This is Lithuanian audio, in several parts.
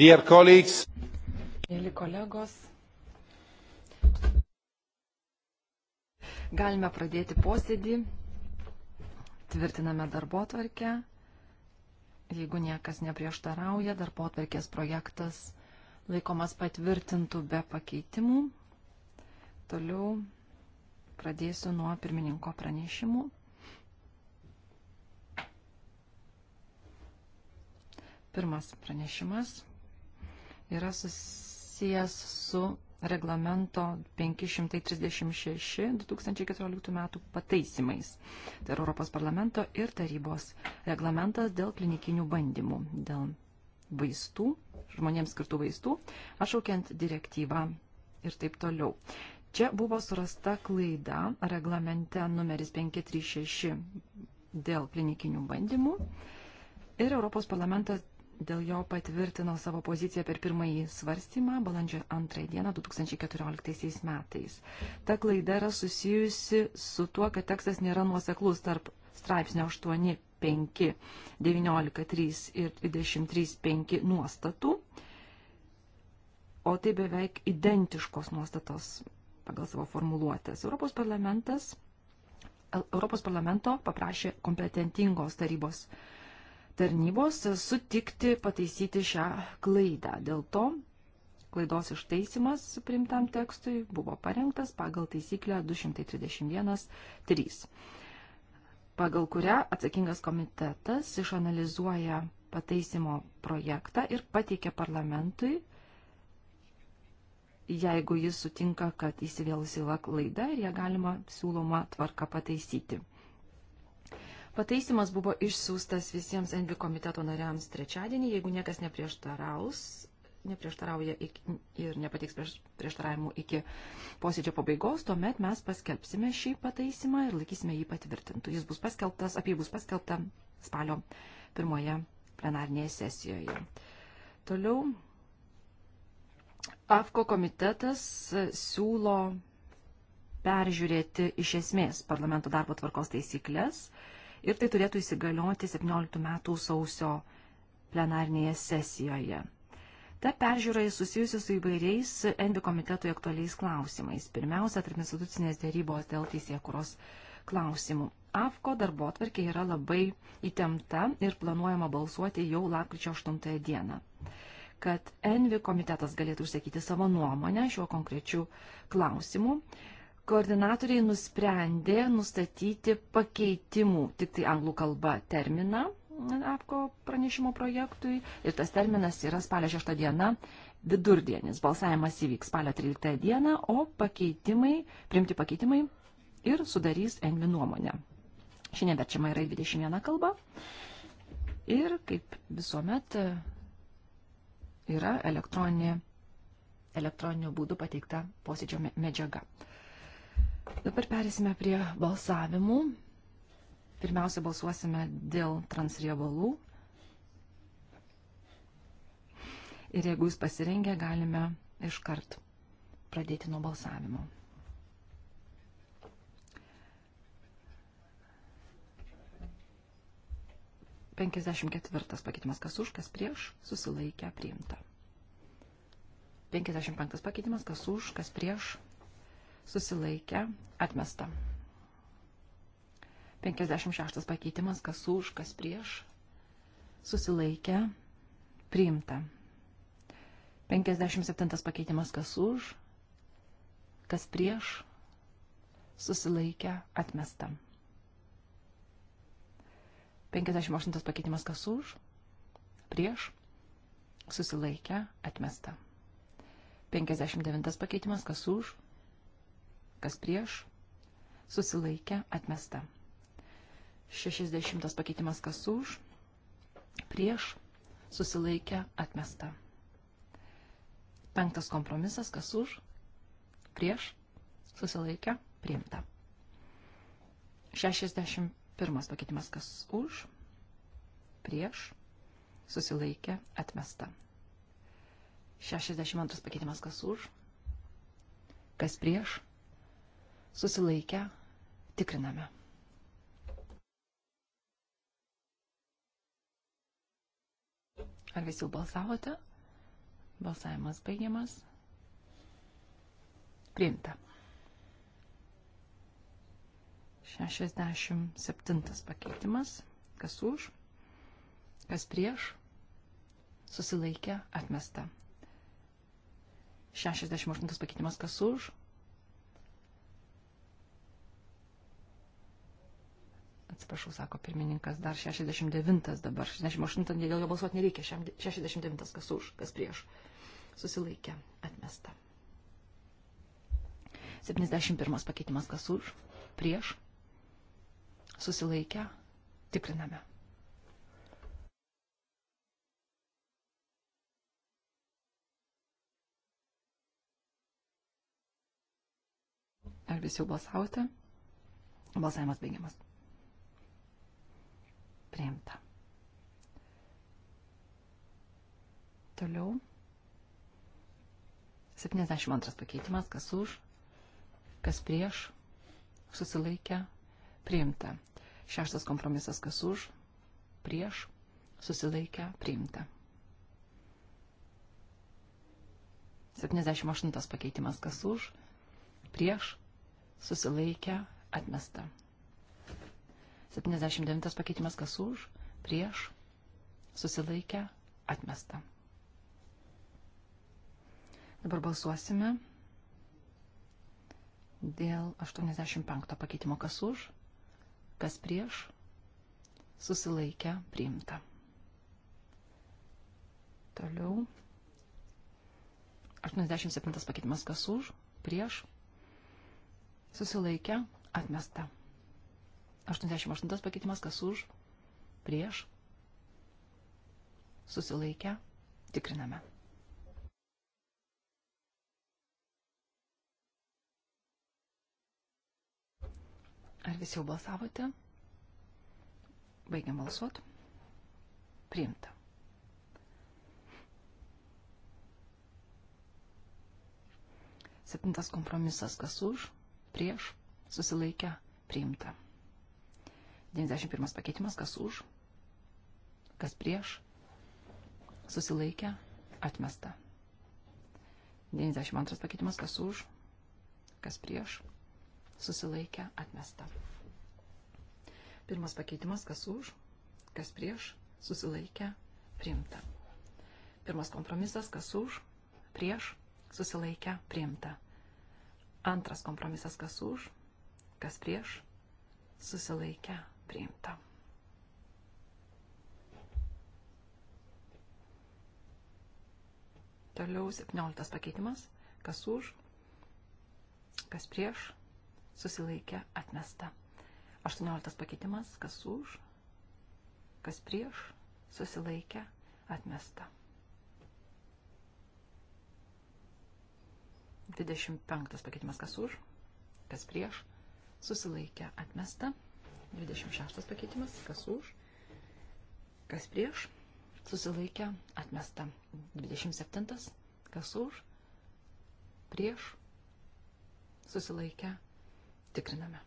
Dear colleagues. Mėly kolegos. Galime pradėti posėdį. Tvirtiname darbo tvarkę. Jeigu niekas neprieštarauja, darbo tvarkės projektas laikomas patvirtintų be pakeitimų. Toliau pradėsiu nuo pirmininko pranešimų. Pirmas pranešimas yra susijęs su reglamento 536-2014 metų pataisimais. Tai yra Europos parlamento ir tarybos reglamentas dėl klinikinių bandymų, dėl vaistų, žmonėms skirtų vaistų, atšaukiant direktyvą ir taip toliau. Čia buvo surasta klaida reglamente numeris 536 dėl klinikinių bandymų ir Europos parlamentas dėl jo patvirtino savo poziciją per pirmąjį svarstymą balandžio 2 dieną 2014 metais. Ta klaida yra susijusi su tuo, kad tekstas nėra nuoseklus tarp straipsnio 8, 5, 19, 3 ir 23, 5 nuostatų, o tai beveik identiškos nuostatos pagal savo formuluotės. Europos parlamentas Europos parlamento paprašė kompetentingos tarybos tarnybos sutikti pataisyti šią klaidą. Dėl to klaidos ištaisimas primtam tekstui buvo parengtas pagal taisyklę 231.3, pagal kurią atsakingas komitetas išanalizuoja pataisimo projektą ir pateikia parlamentui, jeigu jis sutinka, kad įsivėlusi yra klaida ir ją galima siūloma tvarka pataisyti. Pataisimas buvo išsiųstas visiems Envi komiteto nariams trečiadienį, jeigu niekas neprieštaraus, neprieštarauja iki, ir nepateiks prieš, prieštaravimų iki posėdžio pabaigos, tuomet mes paskelbsime šį pataisimą ir laikysime jį patvirtintų. Jis bus paskelbtas, apie jį bus paskelbta spalio pirmoje plenarnėje sesijoje. Toliau AFKO komitetas siūlo peržiūrėti iš esmės parlamento darbo tvarkos taisyklės ir tai turėtų įsigalioti 17 metų sausio plenarnėje sesijoje. Ta peržiūra susijusi su įvairiais Envi komitetui aktualiais klausimais. Pirmiausia, tarpinstitucinės dėrybos dėl teisėkuros klausimų. AFKO darbo atvarkė yra labai įtempta ir planuojama balsuoti jau lapkričio 8 dieną. Kad Envi komitetas galėtų užsakyti savo nuomonę šiuo konkrečiu klausimu, koordinatoriai nusprendė nustatyti pakeitimų, tik tai anglų kalba, terminą apko pranešimo projektui ir tas terminas yra spalio 6 diena, vidurdienis. Balsavimas įvyks spalio 13 dieną, o pakeitimai, priimti pakeitimai ir sudarys Envi nuomonę. Šiandien verčiama yra 21 kalba ir kaip visuomet yra elektroninė, elektroninio būdu pateikta posėdžio medžiaga. Dabar perėsime prie balsavimų. Pirmiausia, balsuosime dėl transriebalų. Ir jeigu jūs pasirengę, galime iškart pradėti nuo balsavimo. Penkiasdešimt ketvirtas pakeitimas kas už, kas prieš, susilaikę priimta. Penkiasdešimt penktas pakeitimas kas už, kas prieš, susilaikė, atmesta. 56 pakeitimas, kas už, kas prieš, susilaikė, priimta. 57 pakeitimas, kas už, kas prieš, susilaikė, atmesta. 58 pakeitimas, kas už, prieš, susilaikė, atmesta. 59 pakeitimas, kas už, kas prieš, susilaikė, atmesta. 60 pakeitimas kas už, prieš, susilaikė, atmesta. Penktas kompromisas kas už, prieš, susilaikė, priimta. 61 pakeitimas kas už, prieš, susilaikė, atmesta. 62 pakeitimas kas už, kas prieš, susilaikę, tikriname. Ar visi jau balsavote? Balsavimas baigiamas. Priimta. 67 pakeitimas. Kas už? Kas prieš? Susilaikė, atmesta. 68 pakeitimas kas už, atsiprašau, sako pirmininkas, dar 69 dabar, 68 dėl jo balsuoti nereikia, 69 kas už, kas prieš. Susilaikė, atmesta. 71 pakeitimas kas už, prieš. Susilaikė, tikriname. Ar visi jau balsavote? Balsavimas baigiamas. Priimta. Toliau. 72 pakeitimas, kas už, kas prieš, susilaikę, priimta. Šeštas kompromisas, kas už, prieš, susilaikę, priimta. 78 pakeitimas, kas už, prieš, susilaikę, atmesta. 79 pakeitimas kas už, prieš, susilaikę, atmesta. Dabar balsuosime dėl 85 pakeitimo kas už, kas prieš, susilaikę, priimta. Toliau. 87 pakeitimas kas už, prieš, susilaikę, atmesta. 88 pakeitimas, kas už, prieš, susilaikę, tikriname. Ar visi jau balsavote? Baigiam balsuot. Priimta. Septintas kompromisas, kas už, prieš, susilaikę, priimta. 91 pakeitimas, kas už, kas prieš, susilaikę, atmesta. 92 pakeitimas, kas už, kas prieš, susilaikę, atmesta. Pirmas pakeitimas, kas už, kas prieš, susilaikę, priimta. Pirmas kompromisas, kas už, prieš, susilaikę, priimta. Antras kompromisas, kas už, kas prieš, susilaikę, priimta. Toliau 17 pakeitimas. Kas už, kas prieš, susilaikė, atmesta. 18 pakeitimas. Kas už, kas prieš, susilaikė, atmesta. 25 pakeitimas. Kas už, kas prieš, susilaikė, atmesta. 26 pakeitimas, kas už, kas prieš, susilaikė, atmesta. 27, kas už, prieš, susilaikė, tikriname.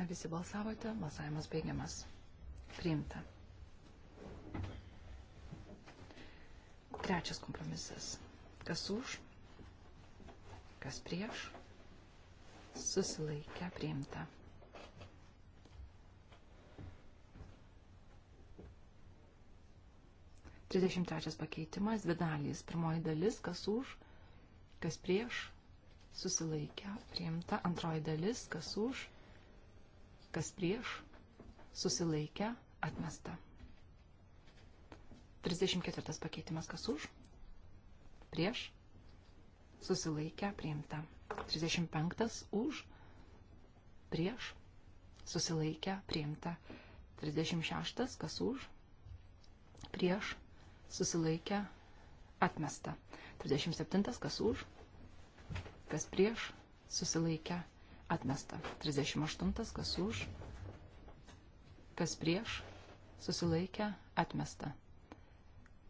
Ar visi balsavote? Balsavimas baigiamas. Priimta. Trečias kompromisas kas už, kas prieš, susilaikę priimta. Trisdešimt trečias pakeitimas, dvi dalys. Pirmoji dalis, kas už, kas prieš, susilaikę priimta. Antroji dalis, kas už, kas prieš, susilaikę atmesta. 34 pakeitimas, kas už, prieš, susilaikę priimta. 35 už, prieš, susilaikę priimta. 36 kas už, prieš, susilaikę atmesta. 37 kas už, kas prieš, susilaikę atmesta. 38 kas už, kas prieš, susilaikę atmesta.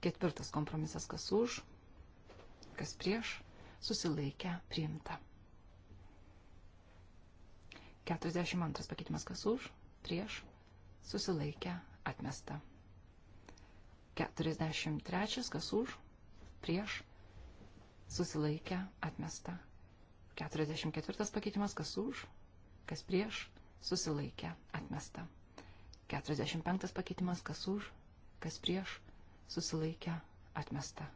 Ketvirtas kompromisas kas už, kas prieš, susilaikę, priimta. 42 pakeitimas kas už, prieš, susilaikę, atmesta. 43 kas už, prieš, susilaikę, atmesta. 44 pakeitimas kas už, kas prieš, susilaikę, atmesta. 45 pakeitimas kas už, kas prieš, susilaikę, atmesta.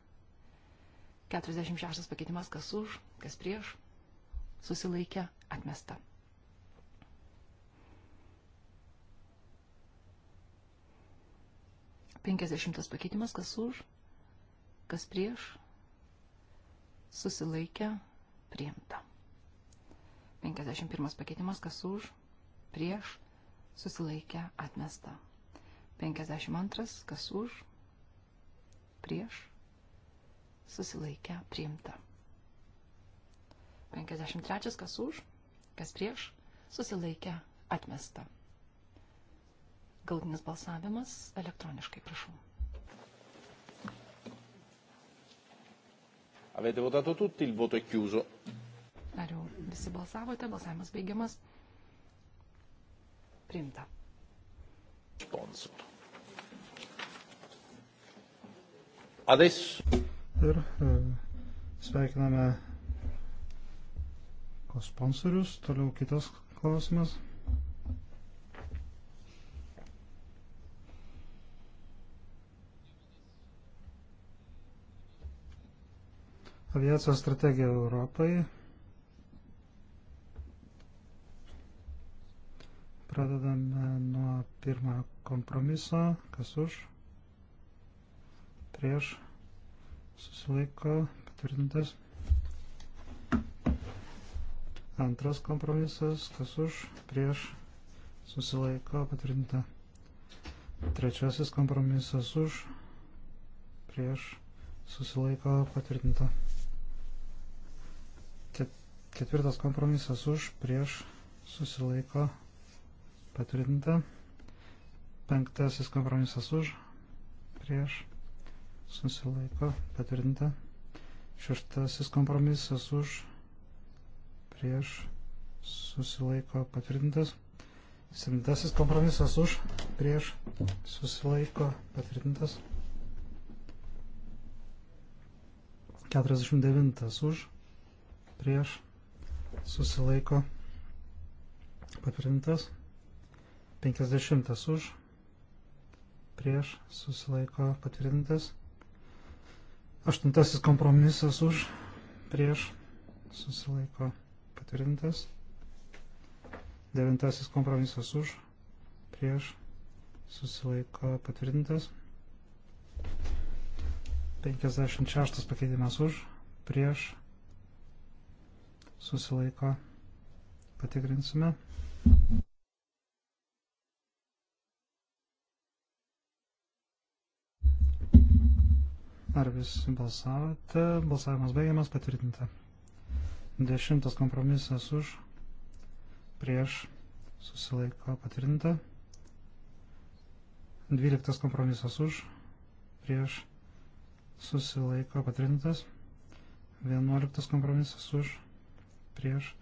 46 pakeitimas, kas už, kas prieš, susilaikė, atmesta. Penkiasdešimtas pakeitimas, kas už, kas prieš, susilaikė, priimta. Penkiasdešimt pirmas pakeitimas, kas už, prieš, susilaikė, atmesta. Penkiasdešimt antras, kas už, prieš, susilaikę priimta. 53 kas už, kas prieš, susilaikę atmesta. Galtinis balsavimas elektroniškai, prašau. Avete votato tutti, il voto è chiuso. Ar jau visi balsavote, balsavimas baigiamas. Priimta. Sponsor. Adesso. Ir e, sveikiname sponsorius. Toliau kitas klausimas. Aviacijos strategija Europai. Pradedame nuo pirmojo kompromiso. Kas už? Prieš? Prieš? susilaiko patvirtintas. Antras kompromisas, kas už, prieš, susilaiko patvirtinta. Trečiasis kompromisas už, prieš, susilaiko patvirtinta. Ketvirtas kompromisas už, prieš, susilaiko patvirtinta. Penktasis kompromisas už, prieš, susilaiko patvirtinta. Šeštasis kompromisas už prieš susilaiko patvirtintas. Septintasis kompromisas už prieš susilaiko patvirtintas. 49 už prieš susilaiko patvirtintas. 50 už prieš susilaiko patvirtintas. Aštuntasis kompromisas už, prieš, susilaiko patvirtintas. Devintasis kompromisas už, prieš, susilaiko patvirtintas. 56 pakeitimas už, prieš, susilaiko patikrinsime. Ar visi balsavote? Balsavimas baigiamas, patvirtinta. Dešimtas kompromisas už, prieš, susilaiko, patvirtinta. Dvyliktas kompromisas už, prieš, susilaiko, patvirtintas. Vienuoliktas kompromisas už, prieš,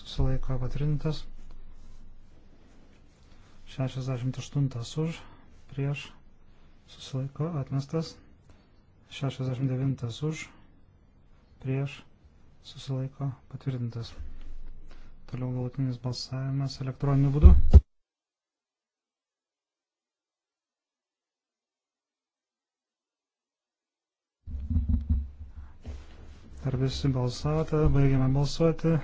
susilaiko, patvirtintas. 68 už, prieš, susilaiko, atmestas. 69 už, prieš, susilaiko, patvirtintas. Toliau galutinis balsavimas elektroniniu būdu. Ar visi balsavote? Baigiame balsuoti.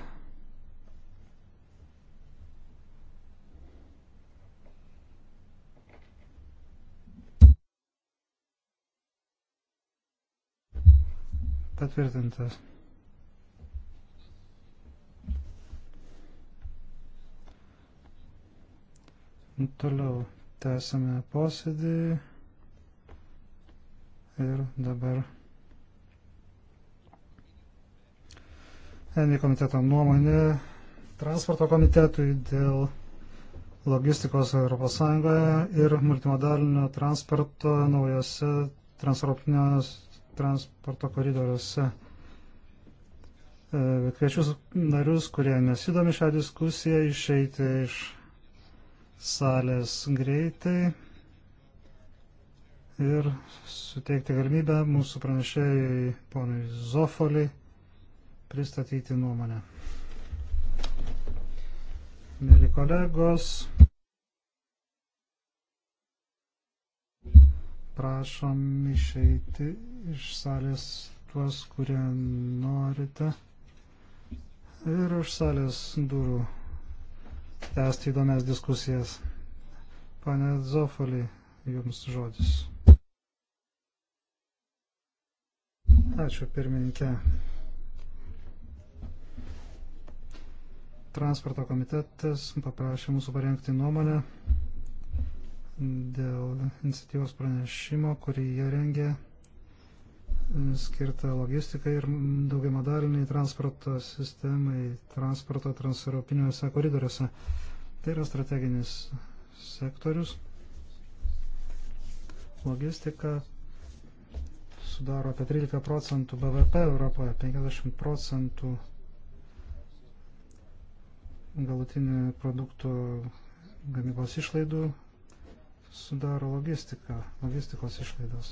patvirtintas. Nu, toliau tęsame posėdį ir dabar Envi komiteto nuomonė transporto komitetui dėl logistikos ES ir multimodalinio transporto naujose transeuropinės transporto koridoriuose. E, kviečiu narius, kurie nesidomi šią diskusiją, išeiti iš salės greitai ir suteikti galimybę mūsų pranešėjai ponui Zofoliai pristatyti nuomonę. Mėly kolegos, Prašom išeiti iš salės tuos, kurie norite. Ir už salės durų tęsti įdomias diskusijas. Pane Zofoli, jums žodis. Ačiū pirmininkė. Transporto komitetas paprašė mūsų parengti nuomonę dėl iniciatyvos pranešimo, kurį jie rengė skirtą logistikai ir daugiamodaliniai transporto sistemai, transporto transeuropiniuose koridoriuose. Tai yra strateginis sektorius. Logistika sudaro apie 13 procentų BVP Europoje, 50 procentų galutinių produktų gamybos išlaidų sudaro logistika, logistikos išlaidos.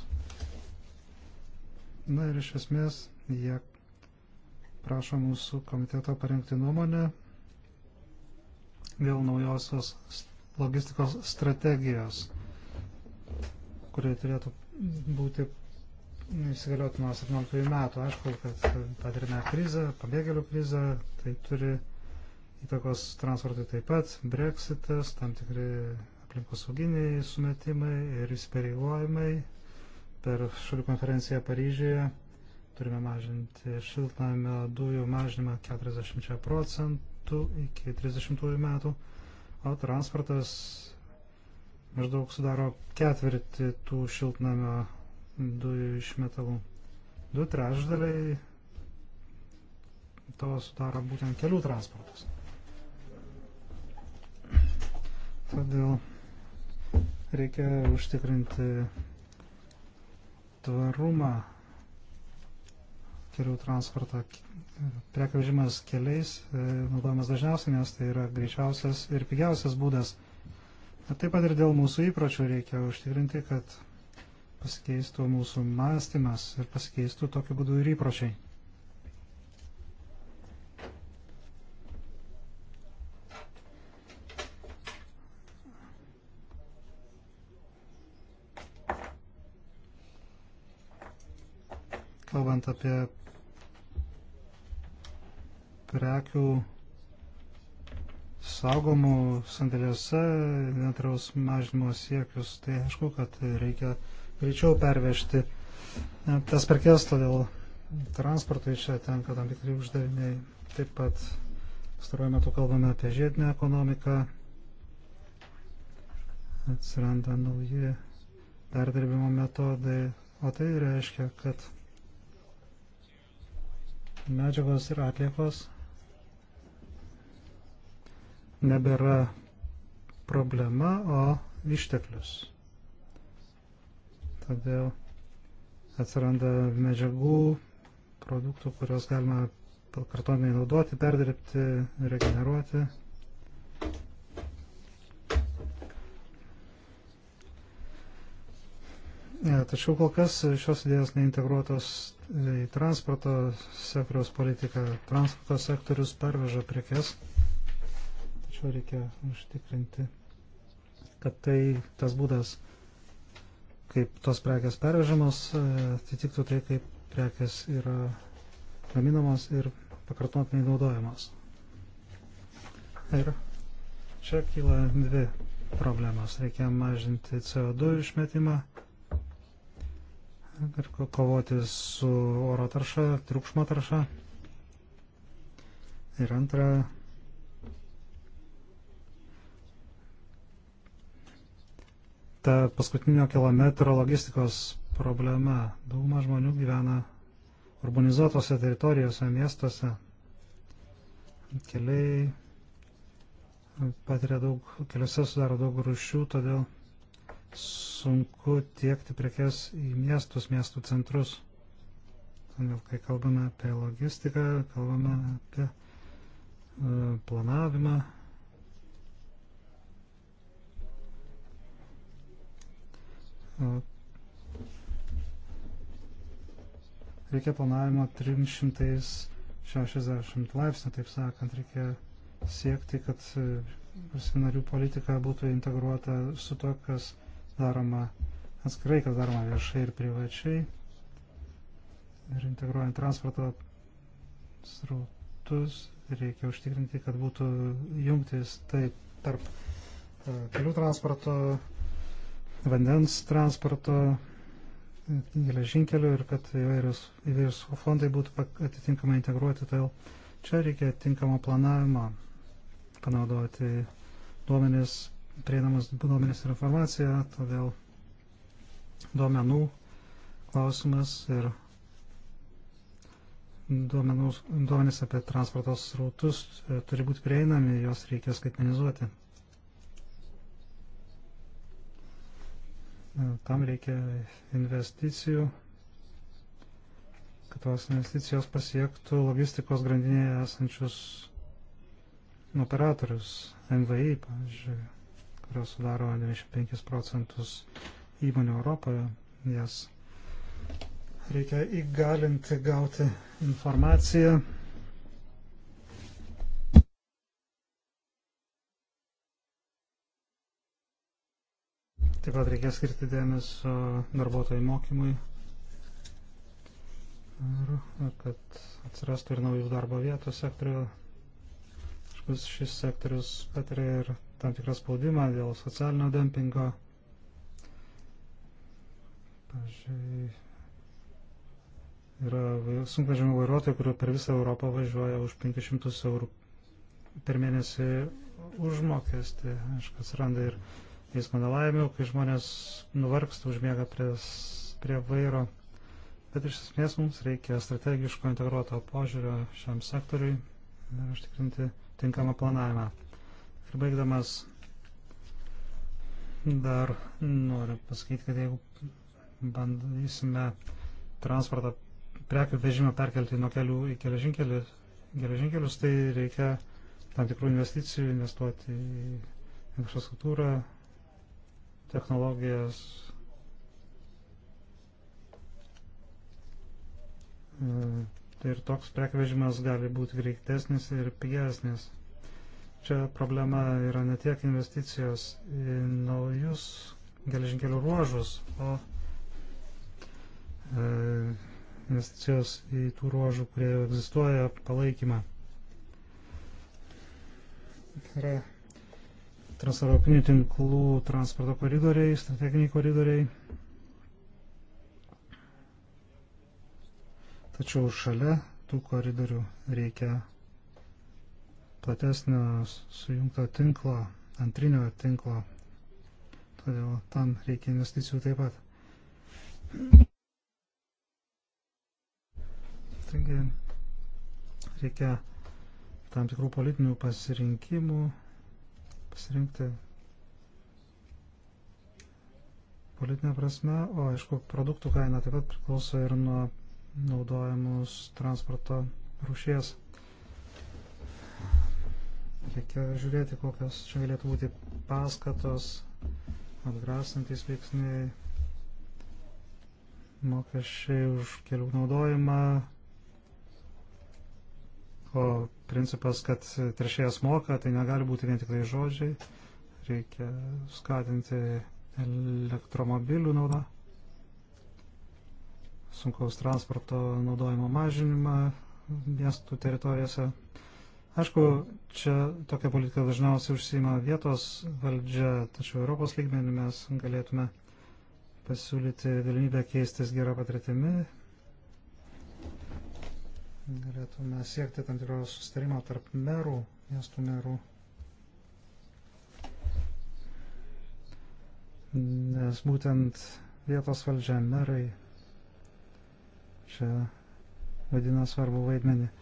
Na ir iš esmės jie prašo mūsų komiteto parengti nuomonę dėl naujosios logistikos strategijos, kurie turėtų būti įsigalioti nuo 17 metų. Aišku, kad patirime krizę, pabėgėlių krizę, tai turi įtakos transportui taip pat, breksitas, tam tikri aplinkosauginiai sumetimai ir įsipareigojimai. Per šalių konferenciją Paryžyje turime mažinti šiltnamio dujų mažinimą 40 procentų iki 30 metų, o transportas maždaug sudaro ketvirtį tų šiltnamio dujų išmetalų. Du trešdaliai to sudaro būtent kelių transportas. Todėl Reikia užtikrinti tvarumą kelių transporto. Prekiaužimas keliais e, naudojamas dažniausiai, nes tai yra greičiausias ir pigiausias būdas. Taip pat ir dėl mūsų įpročių reikia užtikrinti, kad pasikeistų mūsų mąstymas ir pasikeistų tokiu būdu ir įpročiai. kalbant apie prekių saugomų sandėliuose inventoriaus mažinimo siekius, tai aišku, kad reikia greičiau pervežti e, tas prekes, todėl transportui čia tenka tam tikri uždaviniai. Taip pat staruoju metu kalbame apie žiedinę ekonomiką, atsiranda nauji perdirbimo metodai, o tai reiškia, kad medžiagos ir atliekos nebėra problema, o išteklius. Todėl atsiranda medžiagų, produktų, kuriuos galima kartonai naudoti, perdirbti, regeneruoti. Tačiau kol kas šios idėjos neintegruotos į transporto sektoriaus politiką. Transporto sektorius perveža prekes, tačiau reikia užtikrinti, kad tai tas būdas, kaip tos prekes pervežamos, atitiktų tai, kaip prekes yra gaminamos ir pakartotinai naudojamos. Ir čia kyla dvi problemos. Reikia mažinti CO2 išmetimą ir kovoti su oro tarša, triukšmo tarša. Ir antra, ta paskutinio kilometro logistikos problema. Dauguma žmonių gyvena urbanizuotose teritorijose, miestuose. Keliai patiria daug, keliuose sudaro daug rušių, todėl sunku tiekti prekes į miestus, miestų centrus. Todėl, kai kalbame apie logistiką, kalbame apie e, planavimą. E, reikia planavimo 360 laipsnių, taip sakant, reikia siekti, kad e, valstybinarių politika būtų integruota su to, kas daroma atskirai, kas daroma viešai ir privačiai ir integruojant transporto srautus reikia užtikrinti, kad būtų jungtis taip tarp e, kelių transporto, vandens transporto, geležinkelių ir kad įvairius, įvairius fondai būtų atitinkamai integruoti. Todėl tai čia reikia tinkamo planavimo panaudoti duomenis prieinamas duomenis ir informacija, todėl duomenų klausimas ir duomenų, duomenys apie transporto srautus e, turi būti prieinami, juos reikia skaitmenizuoti. E, tam reikia investicijų, kad tos investicijos pasiektų logistikos grandinėje esančius operatorius, NVI, pavyzdžiui kurios sudaro 95 procentus įmonių Europoje, jas reikia įgalinti gauti informaciją. Taip pat reikia skirti dėmesio darbuotojų mokymui ir kad atsirastų ir naujų darbo vietų sektorių. Šis sektorius patiria ir tam tikrą spaudimą dėl socialinio dempingo. Pavyzdžiui, yra sunkvežimių vairuotojų, kurių per visą Europą važiuoja už 500 eurų per mėnesį užmokestį. Aišku, atsiranda ir eismo nelaimių, kai žmonės nuvargsta, užmiega prie, prie vairo. Bet iš esmės mums reikia strategiško integruoto požiūrio šiam sektoriui ir užtikrinti tinkamą planavimą. Ir baigdamas dar noriu pasakyti, kad jeigu bandysime transportą prekių vežimą perkelti nuo kelių į geležinkelius, tai reikia tam tikrų investicijų, investuoti į infrastruktūrą, technologijas. E, tai ir toks prekių vežimas gali būti greitesnis ir pigesnis. Čia problema yra ne tiek investicijos į naujus geležinkelių ruožus, o e, investicijos į tų ruožų, kurie jau egzistuoja, palaikymą. Yra transeuropinių tinklų transporto koridoriai, strateginiai koridoriai. Tačiau šalia tų koridorių reikia platesnio sujungto tinklo, antrinio tinklo. Todėl tam reikia investicijų taip pat. Taigi reikia tam tikrų politinių pasirinkimų, pasirinkti politinę prasme, o aišku, produktų kaina taip pat priklauso ir nuo naudojamos transporto rūšies. Reikia žiūrėti, kokios čia galėtų būti paskatos, atgrasantis veiksniai, mokesčiai už kelių naudojimą, o principas, kad trešėjas moka, tai negali būti vien tik tai žodžiai. Reikia skatinti elektromobilių naudą, sunkaus transporto naudojimo mažinimą miestų teritorijose. Aišku, čia tokia politika dažniausiai užsima vietos valdžia, tačiau Europos lygmenį mes galėtume pasiūlyti galimybę keistis gerą patirtimi. Galėtume siekti tam tikro sustarimo tarp merų, miestų merų. Nes būtent vietos valdžia merai čia vadina svarbu vaidmenį.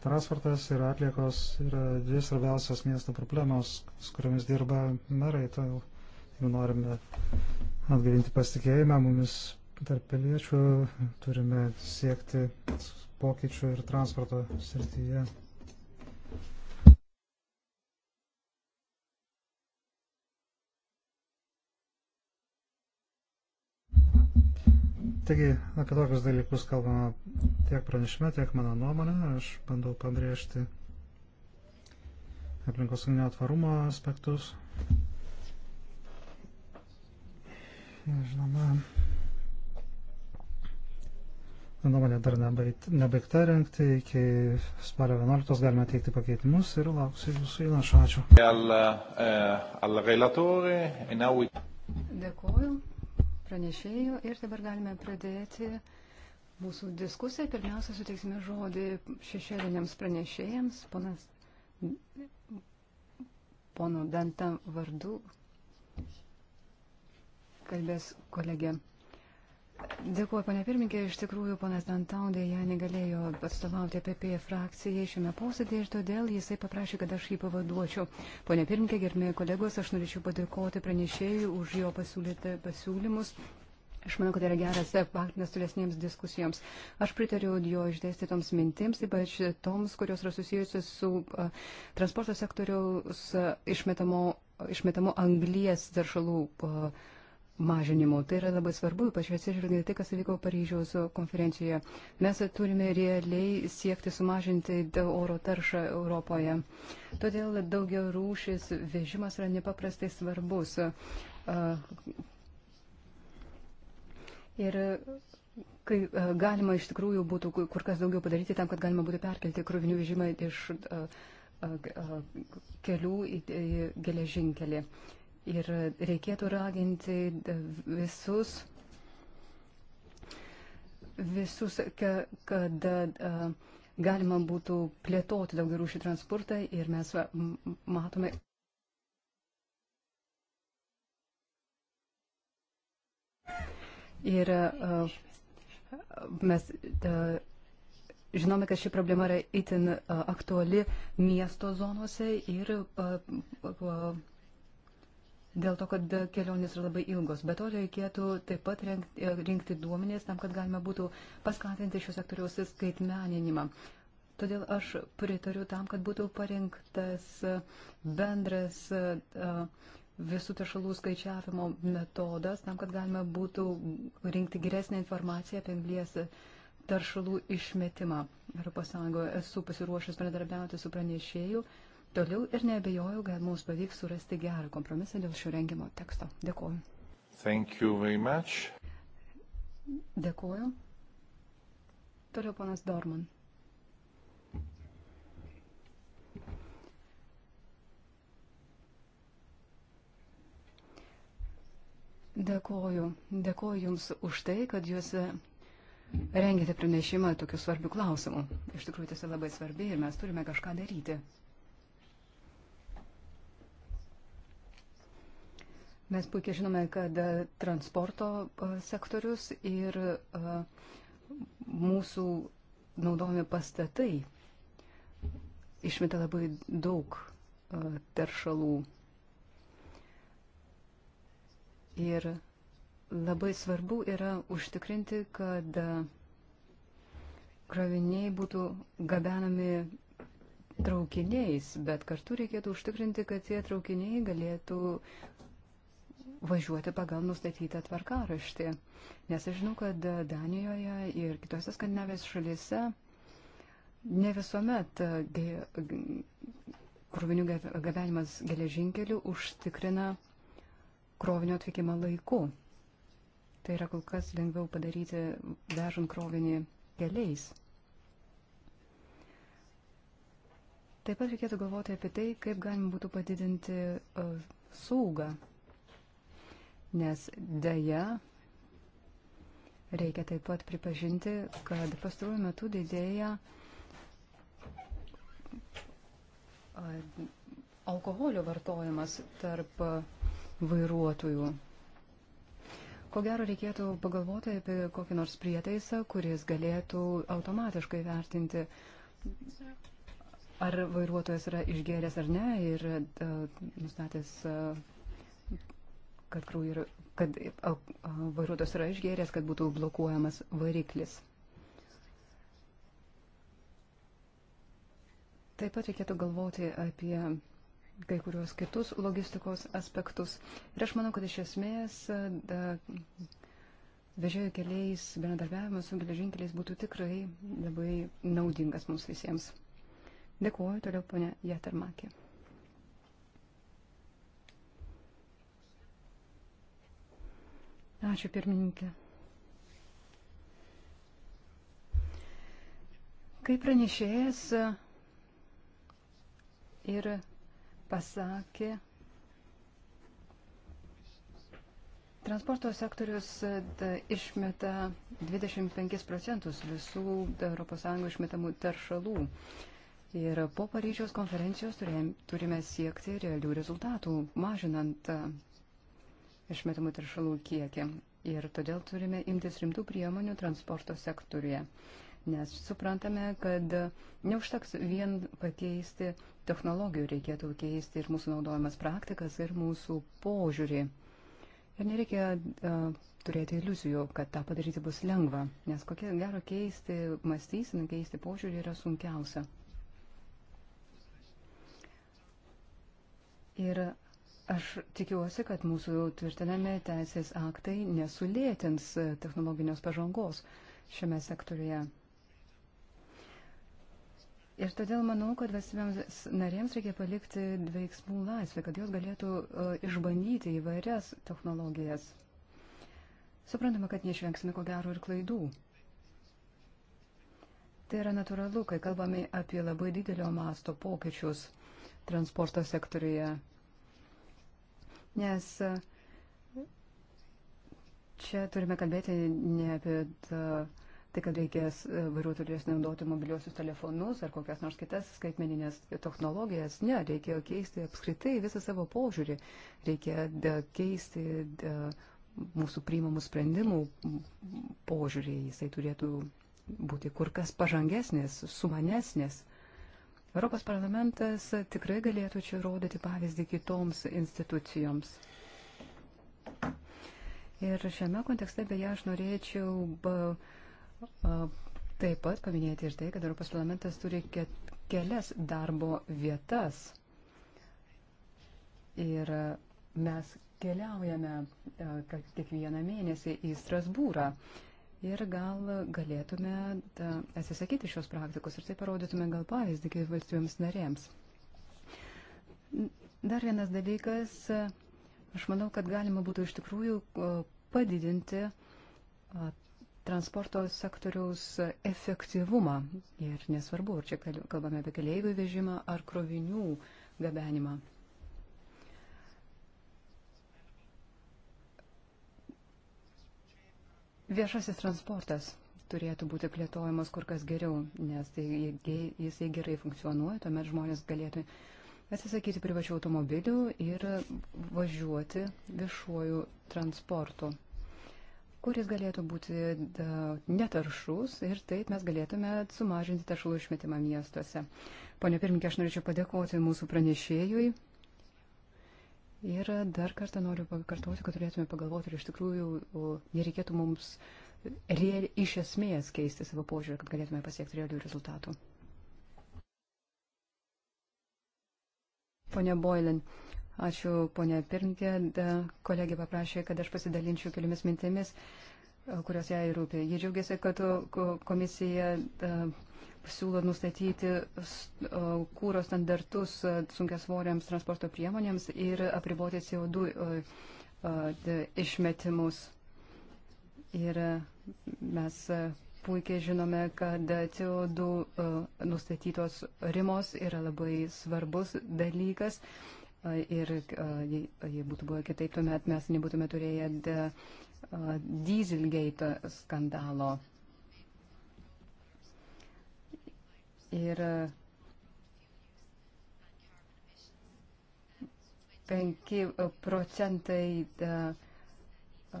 Transportas ir atliekos yra dvi svarbiausios miesto problemos, su kuriomis dirba merai. Tai jeigu norime atgavinti pasitikėjimą mumis tarp piliečių, turime siekti pokyčių ir transporto srityje. Taigi, apie tokius dalykus kalbama tiek pranešime, tiek mano nuomonė. Aš bandau pabrėžti aplinkosauginio tvarumo aspektus. Žinoma, nuomonė dar nebaigta rengti, iki spalio 11 galime teikti pakeitimus ir lauksiu jūsų įnašo. Ačiū. Eh, Dėkuoju pranešėjų ir dabar galime pradėti mūsų diskusiją. Pirmiausia, suteiksime žodį šešėliniams pranešėjams, ponas, pono Dantam vardu kalbės kolegė Dėkuoju, pane pirmininkė, iš tikrųjų ponas Dantaudė ją negalėjo atstovauti PP e frakcijai šiame posėdėje ir todėl jisai paprašė, kad aš jį pavaduočiau. Pone pirmininkė, gerbėjai kolegos, aš norėčiau padėkoti pranešėjui už jo pasiūlymus. Aš manau, kad tai yra geras pagrindas tolesnėms diskusijoms. Aš pritariu jo išdėstytoms mintims, ypač toms, kurios yra susijusios su uh, transporto sektoriaus uh, išmetamo, išmetamo anglies daršalų uh, mažinimu. Tai yra labai svarbu, ypač atsižvelgiant tai, kas vyko Paryžiaus konferencijoje. Mes turime realiai siekti sumažinti oro taršą Europoje. Todėl daugiau rūšis vežimas yra nepaprastai svarbus. Ir kai galima iš tikrųjų būtų kur kas daugiau padaryti tam, kad galima būtų perkelti krovinių vežimą iš kelių į geležinkelį. Uh, Ir reikėtų raginti visus, visus kad galima būtų plėtoti daugiau rūšių transportą ir mes matome. Ir mes Žinome, kad ši problema yra itin aktuali miesto zonuose ir dėl to, kad kelionės yra labai ilgos. Bet to reikėtų taip pat rengti, rinkti duomenės tam, kad galima būtų paskatinti šios sektoriaus skaitmeninimą. Todėl aš pritariu tam, kad būtų parinktas bendras visų teršalų skaičiavimo metodas, tam, kad galima būtų rinkti geresnę informaciją apie anglies taršalų išmetimą. Europos Sąjungoje esu pasiruošęs bendradarbiauti su pranešėju toliau ir nebejoju, kad mums pavyks surasti gerą kompromisą dėl šio rengimo teksto. Dėkuoju. Dėkuoju. Toliau ponas Dorman. Dėkoju. Dėkoju Jums už tai, kad Jūs rengėte pranešimą tokiu svarbiu klausimu. Iš tikrųjų, tai labai svarbi ir mes turime kažką daryti. Mes puikiai žinome, kad e, transporto e, sektorius ir e, mūsų naudojami pastatai išmeta labai daug teršalų. Ir labai svarbu yra užtikrinti, kad kroviniai būtų gabenami traukiniais, bet kartu reikėtų užtikrinti, kad tie traukiniai galėtų važiuoti pagal nustatytą tvarkaraštį. Nes aš žinau, kad Danijoje ir kitose Skandinavijos šalyse ne visuomet e, krovinių gabenimas geležinkeliu užtikrina krovinio atvykimą laiku. Tai yra kol kas lengviau padaryti vežant krovinį keliais. Taip pat reikėtų galvoti apie tai, kaip galima būtų padidinti uh, saugą nes dėja reikia taip pat pripažinti, kad pastaruoju metu didėja alkoholio vartojimas tarp vairuotojų. Ko gero reikėtų pagalvoti apie kokį nors prietaisą, kuris galėtų automatiškai vertinti, ar vairuotojas yra išgėręs ar ne ir uh, nustatęs uh, kad, yra, kad vairuotojas yra išgėręs, kad būtų blokuojamas variklis. Taip pat reikėtų galvoti apie kai kurios kitus logistikos aspektus. Ir aš manau, kad iš esmės da, vežėjų keliais bendradarbiavimas su geležinkeliais būtų tikrai labai naudingas mums visiems. Dėkuoju toliau, ponia Jatarmakė. Ačiū pirmininkė. Kaip pranešėjas ir pasakė, transporto sektorius išmeta 25 procentus visų ES išmetamų teršalų. Ir po Paryžiaus konferencijos turime siekti realių rezultatų, mažinant išmetamų taršalų kiekį. Ir todėl turime imtis rimtų priemonių transporto sektoriuje. Nes suprantame, kad neužteks vien pakeisti technologijų, reikėtų keisti ir mūsų naudojamas praktikas, ir mūsų požiūrį. Ir nereikia uh, turėti iliuzijų, kad tą padaryti bus lengva, nes kokia gero keisti mąstyseną, keisti požiūrį yra sunkiausia. Ir Aš tikiuosi, kad mūsų tvirtinami teisės aktai nesulėtins technologinės pažangos šiame sektoriuje. Ir todėl manau, kad valstybėms narėms reikia palikti veiksmų laisvę, kad jos galėtų e, išbandyti įvairias technologijas. Suprantama, kad neišvengsime ko gero ir klaidų. Tai yra natūralu, kai kalbame apie labai didelio masto pokyčius transporto sektoriuje nes e, čia turime kalbėti ne apie e, tai, kad reikės e, vairuotojus naudoti mobiliuosius telefonus ar kokias nors kitas skaitmeninės technologijas. Ne, reikėjo keisti apskritai visą savo požiūrį. Reikia keisti mūsų priimamų sprendimų požiūrį. Jisai turėtų būti kur kas pažangesnis, sumanesnis. Europos parlamentas tikrai galėtų čia rodyti pavyzdį kitoms institucijoms. Ir šiame kontekste beje aš norėčiau ba, a, taip pat paminėti ir tai, kad Europos parlamentas turi ke kelias darbo vietas. Ir mes keliaujame a, kiekvieną mėnesį į Strasbūrą. A, Ir gal galėtume da, atsisakyti šios praktikos ir tai parodytume gal pavyzdį kaip valstybėms narėms. Dar vienas dalykas, aš manau, kad galima būtų iš tikrųjų padidinti transporto sektoriaus efektyvumą. Ir nesvarbu, ar čia kalbame apie keliaivių vežimą ar krovinių gabenimą. Viešasis transportas turėtų būti plėtojamas kur kas geriau, nes tai, jisai gerai funkcionuoja, tuomet žmonės galėtų atsisakyti privačių automobilių ir važiuoti viešuoju transportu, kuris galėtų būti netaršus ir taip mes galėtume sumažinti taršų išmetimą miestuose. Pone pirmininkė, aš norėčiau padėkoti mūsų pranešėjui Ir dar kartą noriu pakartoti, kad turėtume pagalvoti, ar iš tikrųjų nereikėtų mums real, iš esmės keisti savo požiūrį, kad galėtume pasiekti realių rezultatų. Pone Boilin, ačiū ponė Pirnkė, kolegė paprašė, kad aš pasidalinčiau keliomis mintimis, kurios jai rūpė. Ji džiaugiasi, kad komisija. Da, siūlo nustatyti kūro standartus e, sunkiasvoriams transporto priemonėms ir apriboti CO2 e, e, išmetimus. Ir mes puikiai žinome, kad CO2 nustatytos rimos yra labai svarbus dalykas. Ir jei būtų buvę kitaip, tuomet mes nebūtume turėję dieselgate skandalo. ir 5 procentai da,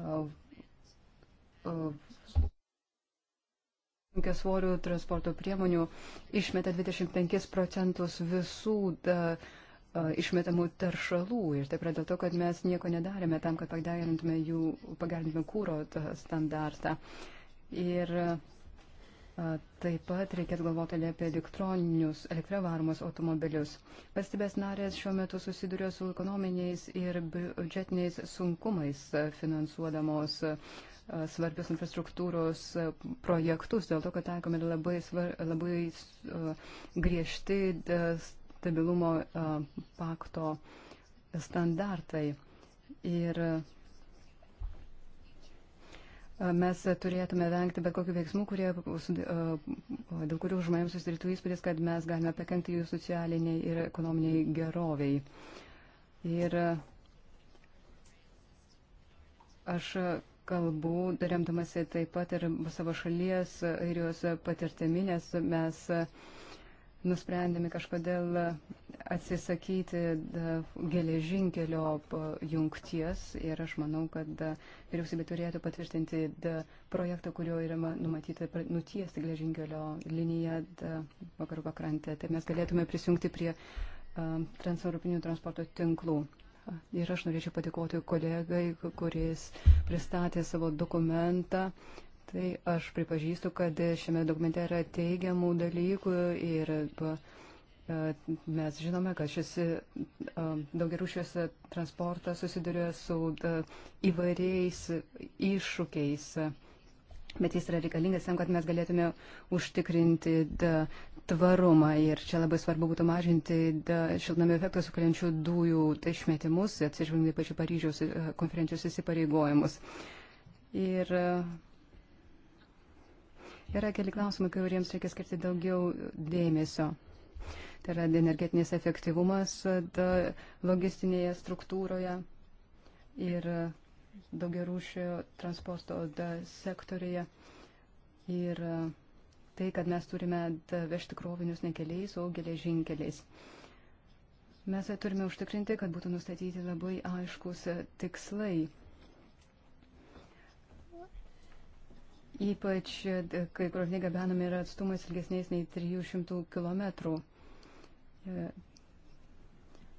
o, o, sunkio svorių transporto priemonių išmeta 25 procentus visų da, išmetamų taršalų. Ir taip yra dėl to, kad mes nieko nedarėme tam, kad pagerintume jų, pagerintume kūro standartą. Ir uh, Taip pat reikėtų galvoti apie elektroninius, elektravarmus automobilius. Pastebės narės šiuo metu susiduria su ekonominiais ir biudžetiniais sunkumais finansuodamos svarbius infrastruktūros projektus, dėl to, kad taikomi labai, svar, labai griežti stabilumo pakto standartai. Ir mes turėtume vengti bet kokių veiksmų, kurie, dėl kurių žmonėms susidarytų įspūdis, kad mes galime pakengti jų socialiniai ir ekonominiai geroviai. Ir aš kalbu, remdamasi taip pat ir savo šalies ir jos patirtiminės, mes uh, nusprendėme kažkodėl atsisakyti geležinkelio jungties ir aš manau, kad vyriausybė turėtų patvirtinti projektą, kurio yra numatyta nutiesti geležinkelio liniją vakarų pakrantę. Tai mes galėtume prisijungti prie transeuropinių transporto tinklų. Ir aš norėčiau patikoti kolegai, kuris pristatė savo dokumentą Tai aš pripažįstu, kad šiame dokumente yra teigiamų dalykų ir e, mes žinome, kad šis e, daugiarūšės transportas susiduria su e, įvairiais iššūkiais. Bet jis yra reikalingas tam, kad mes galėtume užtikrinti tvarumą ir čia labai svarbu būtų mažinti šiltnamio efektą sukeliančių dujų išmetimus, atsižvelgiant pačių Paryžiaus konferencijos įsipareigojimus. Ir uh, Yra keli klausimai, kuriems reikia skirti daugiau dėmesio. Tai yra energetinės efektyvumas logistinėje struktūroje ir daugiarūšio transporto sektorėje. Ir e, tai, kad mes turime vežti krovinius ne keliais, o geležinkeliais. Mes turime užtikrinti, kad būtų nustatyti labai aiškus e, tikslai ypač kai kroviniai gabenami yra atstumas ilgesnės nei 300 km. E,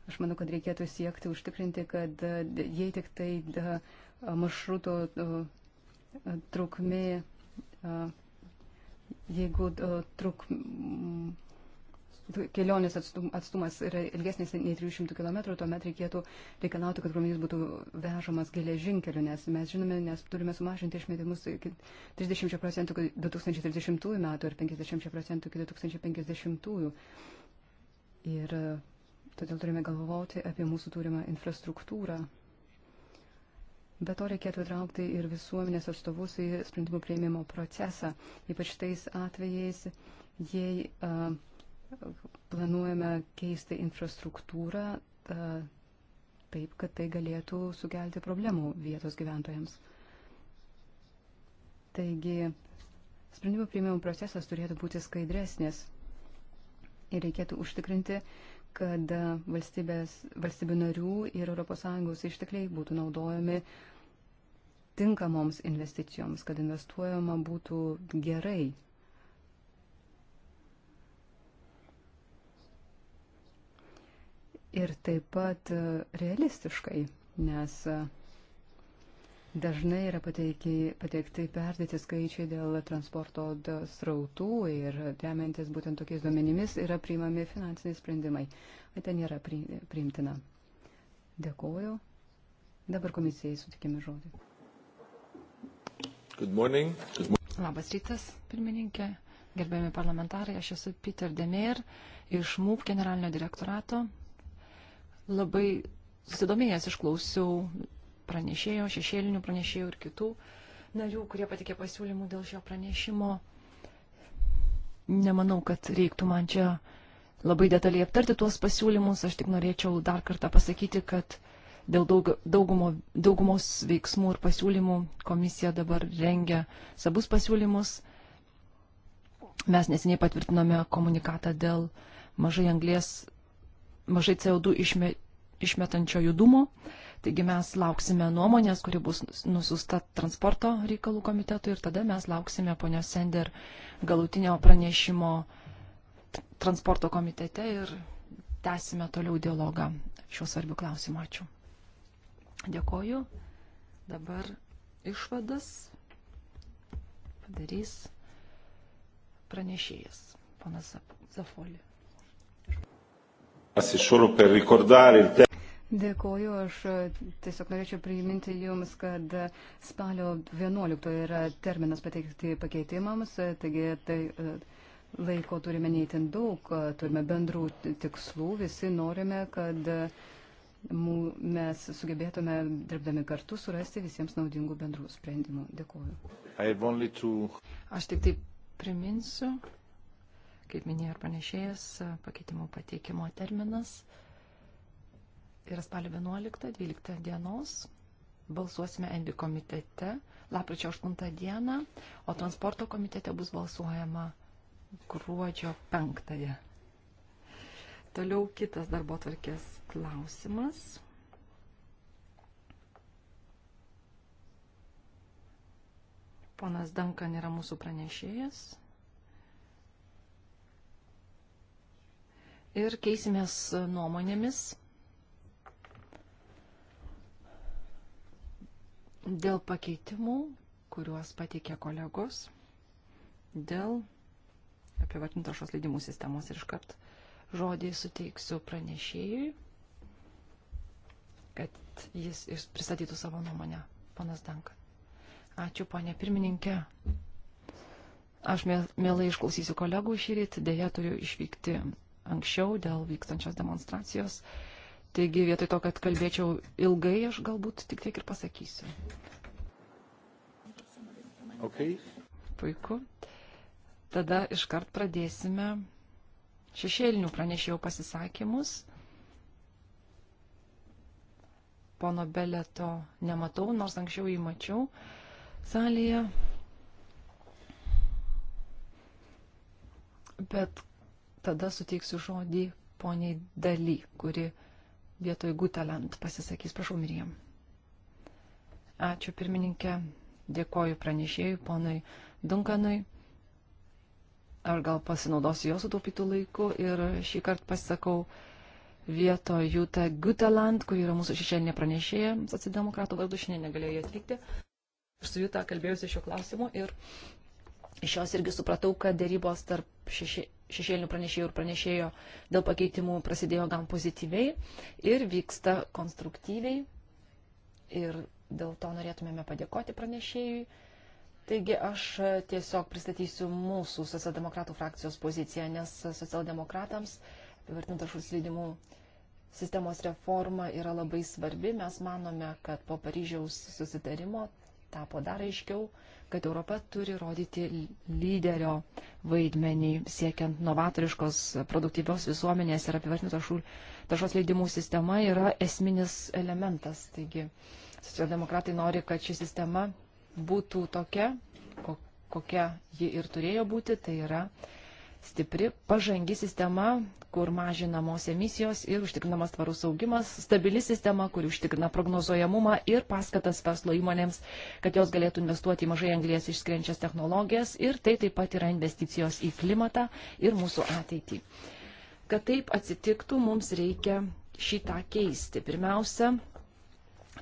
aš manau, kad reikėtų siekti užtikrinti, kad jei tik tai maršruto trukmė, e, jeigu truk, kelionės atstum, atstumas yra ilgesnis nei 300 km, tuomet reikėtų reikalauti, kad krovinys būtų vežamas geležinkeliu, nes mes žinome, nes turime sumažinti išmetimus 30 procentų iki 2030 metų ir 50 procentų iki 2050. Ir e, todėl turime galvoti apie mūsų turimą infrastruktūrą. Be to reikėtų įtraukti ir visuomenės atstovus į sprendimų prieimimo procesą, ypač tais atvejais, jei uh, planuojame keisti infrastruktūrą taip, kad tai galėtų sukelti problemų vietos gyventojams. Taigi, sprendimų priimimo procesas turėtų būti skaidresnis ir reikėtų užtikrinti, kad valstybių narių ir ES ištekliai būtų naudojami tinkamoms investicijoms, kad investuojama būtų gerai ir taip pat e, realistiškai, nes e, dažnai yra pateiki, pateikti perdėti skaičiai dėl transporto srautų ir remiantis būtent tokiais duomenimis yra priimami finansiniai sprendimai. Bet tai ten nėra priimtina. Dėkuoju. Dabar komisijai sutikime žodį. Good morning. Good morning. Labas rytas, pirmininkė. Gerbėjami parlamentarai, aš esu Peter Demir iš MUP generalinio direktorato Labai susidomėjęs išklausiau pranešėjo, šešėlinių pranešėjų ir kitų narių, kurie patikė pasiūlymų dėl šio pranešimo. Nemanau, kad reiktų man čia labai detaliai aptarti tuos pasiūlymus. Aš tik norėčiau dar kartą pasakyti, kad dėl daug, daugumo, daugumos veiksmų ir pasiūlymų komisija dabar rengia savus pasiūlymus. Mes neseniai patvirtinome komunikatą dėl mažai anglės mažai CO2 išme, išmetančio judumo. Taigi mes lauksime nuomonės, kuri bus nusiusta transporto reikalų komitetui ir tada mes lauksime ponios Sender galutinio pranešimo transporto komitete ir tęsime toliau dialogą šiuo svarbiu klausimu. Ačiū. Dėkoju. Dabar išvadas padarys pranešėjas, panas Zafolė. Dėkoju, aš e, tiesiog norėčiau priminti Jums, kad spalio 11 yra terminas pateikti pakeitimams, e, taigi tai e, laiko turime neįtin daug, turime bendrų tikslų, visi norime, kad mes sugebėtume, dirbdami kartu, surasti visiems naudingų bendrų sprendimų. Dėkuoju. To... Aš tik taip priminsiu, Kaip minėjo ir panešėjas, pakeitimų pateikimo terminas yra spalio 11-12 dienos. Balsuosime NB komitete lapkričio 8 dieną, o transporto komitete bus balsuojama gruodžio 5. -ąją. Toliau kitas darbo tvarkės klausimas. Ponas Dankan yra mūsų pranešėjas. ir keisimės nuomonėmis dėl pakeitimų, kuriuos pateikė kolegos, dėl apivartinių taršos leidimų sistemos ir iškart žodį suteiksiu pranešėjui, kad jis pristatytų savo nuomonę, panas Dankan. Ačiū, ponė pirmininkė. Aš mielai išklausysiu kolegų šį rytį, dėja turiu išvykti anksčiau dėl vykstančios demonstracijos. Taigi vietoj to, kad kalbėčiau ilgai, aš galbūt tik tiek ir pasakysiu. Okay. Puiku. Tada iškart pradėsime šešėlinių pranešėjų pasisakymus. Pono Beleto nematau, nors anksčiau jį mačiau salėje. Bet tada suteiksiu žodį poniai Daly, kuri vietoj Gutelent pasisakys. Prašau, Mirjam. Ačiū pirmininkė, dėkoju pranešėjui, ponui Dunkanui. Ar gal pasinaudosiu jo sutaupytų laiku ir šį kartą pasisakau vietoj Jūta Gutelant, kuri yra mūsų šešėlinė pranešėja, socialdemokratų vardu šiandien negalėjo jį atvykti. Aš su Jūta kalbėjusi šio klausimu ir Iš jos irgi supratau, kad dėrybos tarp šeši, šešėlinių pranešėjų ir pranešėjo dėl pakeitimų prasidėjo gan pozityviai ir vyksta konstruktyviai. Ir dėl to norėtumėme padėkoti pranešėjui. Taigi aš tiesiog pristatysiu mūsų socialdemokratų frakcijos poziciją, nes socialdemokratams apivartinių taršų slydimų sistemos reforma yra labai svarbi. Mes manome, kad po Paryžiaus susitarimo tapo dar aiškiau, kad Europa turi rodyti lyderio vaidmenį, siekiant novatoriškos, produktyvios visuomenės ir apivartinių taršos leidimų sistema yra esminis elementas. Taigi, socialdemokratai nori, kad ši sistema būtų tokia, kokia ji ir turėjo būti, tai yra stipri, pažangi sistema, kur mažinamos emisijos ir užtikrinamas tvarus augimas, stabili sistema, kuri užtikrina prognozuojamumą ir paskatas verslo įmonėms, kad jos galėtų investuoti į mažai anglės išskrenčias technologijas ir tai taip pat yra investicijos į klimatą ir mūsų ateitį. Kad taip atsitiktų, mums reikia šitą keisti. Pirmiausia,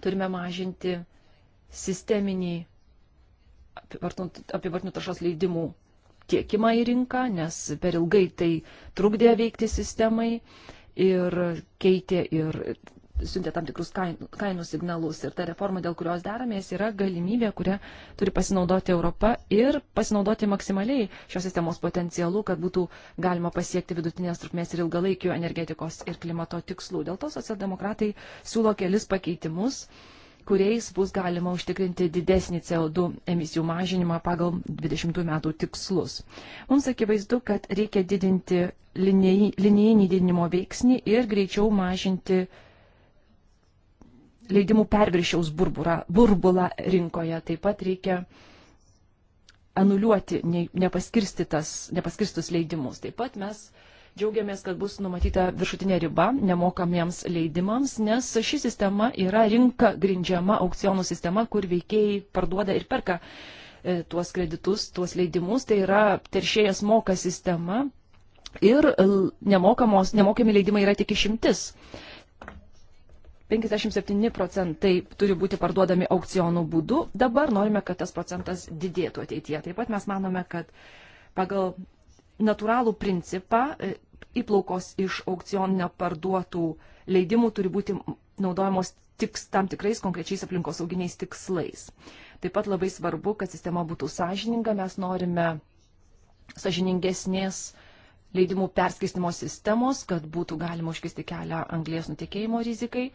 turime mažinti sisteminį apivartinių taršos leidimų tiekimą į rinką, nes per ilgai tai trukdė veikti sistemai ir keitė ir siuntė tam tikrus kainų signalus. Ir ta reforma, dėl kurios deramės, yra galimybė, kurią turi pasinaudoti Europa ir pasinaudoti maksimaliai šios sistemos potencialu, kad būtų galima pasiekti vidutinės trukmės ir ilgalaikių energetikos ir klimato tikslų. Dėl to socialdemokratai siūlo kelis pakeitimus kuriais bus galima užtikrinti didesnį CO2 emisijų mažinimą pagal 20 metų tikslus. Mums akivaizdu, kad reikia didinti linijinį, linijinį didinimo veiksnį ir greičiau mažinti leidimų perviršiaus burbulą, burbulą rinkoje. Taip pat reikia anuliuoti nepaskirstytus leidimus. Taip pat mes uh, Džiaugiamės, kad bus numatyta viršutinė riba nemokamiems leidimams, nes ši sistema yra rinka grindžiama aukcionų sistema, kur veikėjai parduoda ir perka e, tuos kreditus, tuos leidimus. Tai yra teršėjas moka sistema ir nemokamos, nemokami leidimai yra tik išimtis. 57 procentai turi būti parduodami aukcionų būdu. Dabar norime, kad tas procentas didėtų ateityje. Taip pat mes manome, kad pagal natūralų principą e, įplaukos iš aukcioninio parduotų leidimų turi būti naudojamos tiks tam tikrais konkrečiais aplinkosauginiais tikslais. Taip pat labai svarbu, kad sistema būtų sąžininga, mes norime sąžiningesnės leidimų perskirstimo sistemos, kad būtų galima užkisti kelią anglės nutekėjimo rizikai.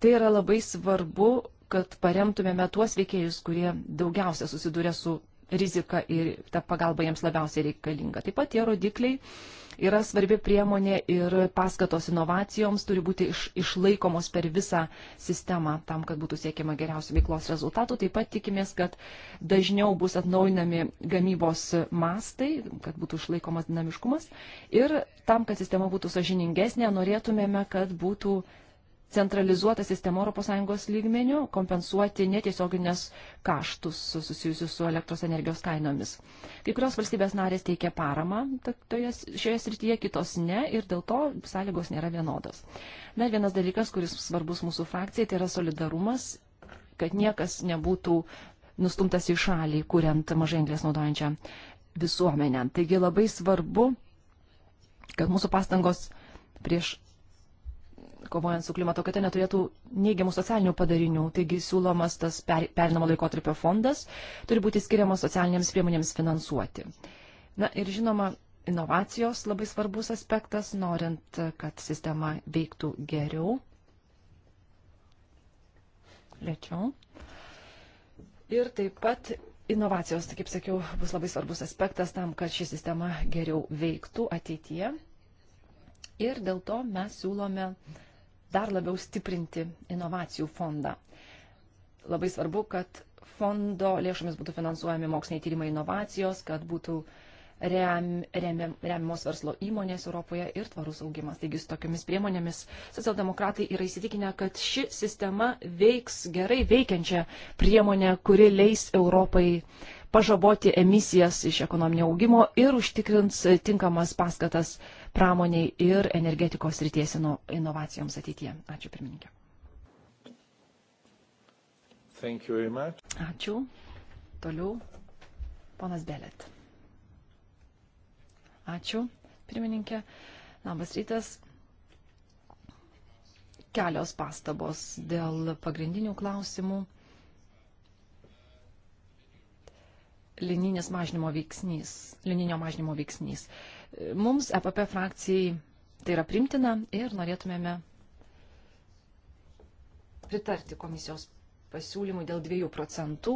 Tai yra labai svarbu, kad paremtumėme tuos veikėjus, kurie daugiausia susiduria su riziką ir ta pagalba jiems labiausiai reikalinga. Taip pat tie rodikliai yra svarbi priemonė ir paskatos inovacijoms turi būti iš, išlaikomos per visą sistemą tam, kad būtų siekiama geriausių veiklos rezultatų. Taip pat tikimės, kad dažniau bus atnaujinami gamybos mastai, kad būtų išlaikomas dinamiškumas. Ir tam, kad sistema būtų sažiningesnė, norėtumėme, kad būtų centralizuotą sistemą ES lygmenių kompensuoti netiesioginės kaštus susijusius su elektros energijos kainomis. Kai kurios valstybės narės teikia paramą toje, šioje srityje, kitos ne ir dėl to sąlygos nėra vienodos. Dar vienas dalykas, kuris svarbus mūsų frakcijai, tai yra solidarumas, kad niekas nebūtų nustumtas į šalį, kuriant mažai anglės naudojančią visuomenę. Taigi labai svarbu, kad mūsų pastangos prieš kovojant su klimato kaita neturėtų neigiamų socialinių padarinių. Taigi siūlomas tas per, perinamo laikotarpio fondas turi būti skiriamas socialinėms priemonėms finansuoti. Na ir žinoma, inovacijos labai svarbus aspektas, norint, kad sistema veiktų geriau. Lėčiau. Ir taip pat inovacijos, tai kaip sakiau, bus labai svarbus aspektas tam, kad ši sistema geriau veiktų ateityje. Ir dėl to mes siūlome uh, dar labiau stiprinti inovacijų fondą. Labai svarbu, kad fondo lėšomis būtų finansuojami moksliniai tyrimai inovacijos, kad būtų rem, rem, remiamos verslo įmonės Europoje ir tvarus augimas. Taigi su tokiamis priemonėmis socialdemokratai yra įsitikinę, kad ši sistema veiks gerai veikiančią priemonę, kuri leis Europai pažaboti emisijas iš ekonominio augimo ir užtikrins tinkamas paskatas uh, pramoniai ir energetikos ryties inovacijoms ateityje. Ačiū pirmininkė. Ačiū. Toliau ponas Belet. Ačiū pirmininkė. Labas rytas. Kelios pastabos dėl pagrindinių klausimų. lininis mažinimo veiksnys, lininio mažinimo veiksnys. Mums EPP frakcijai tai yra primtina ir norėtumėme pritarti komisijos pasiūlymų dėl 2 procentų,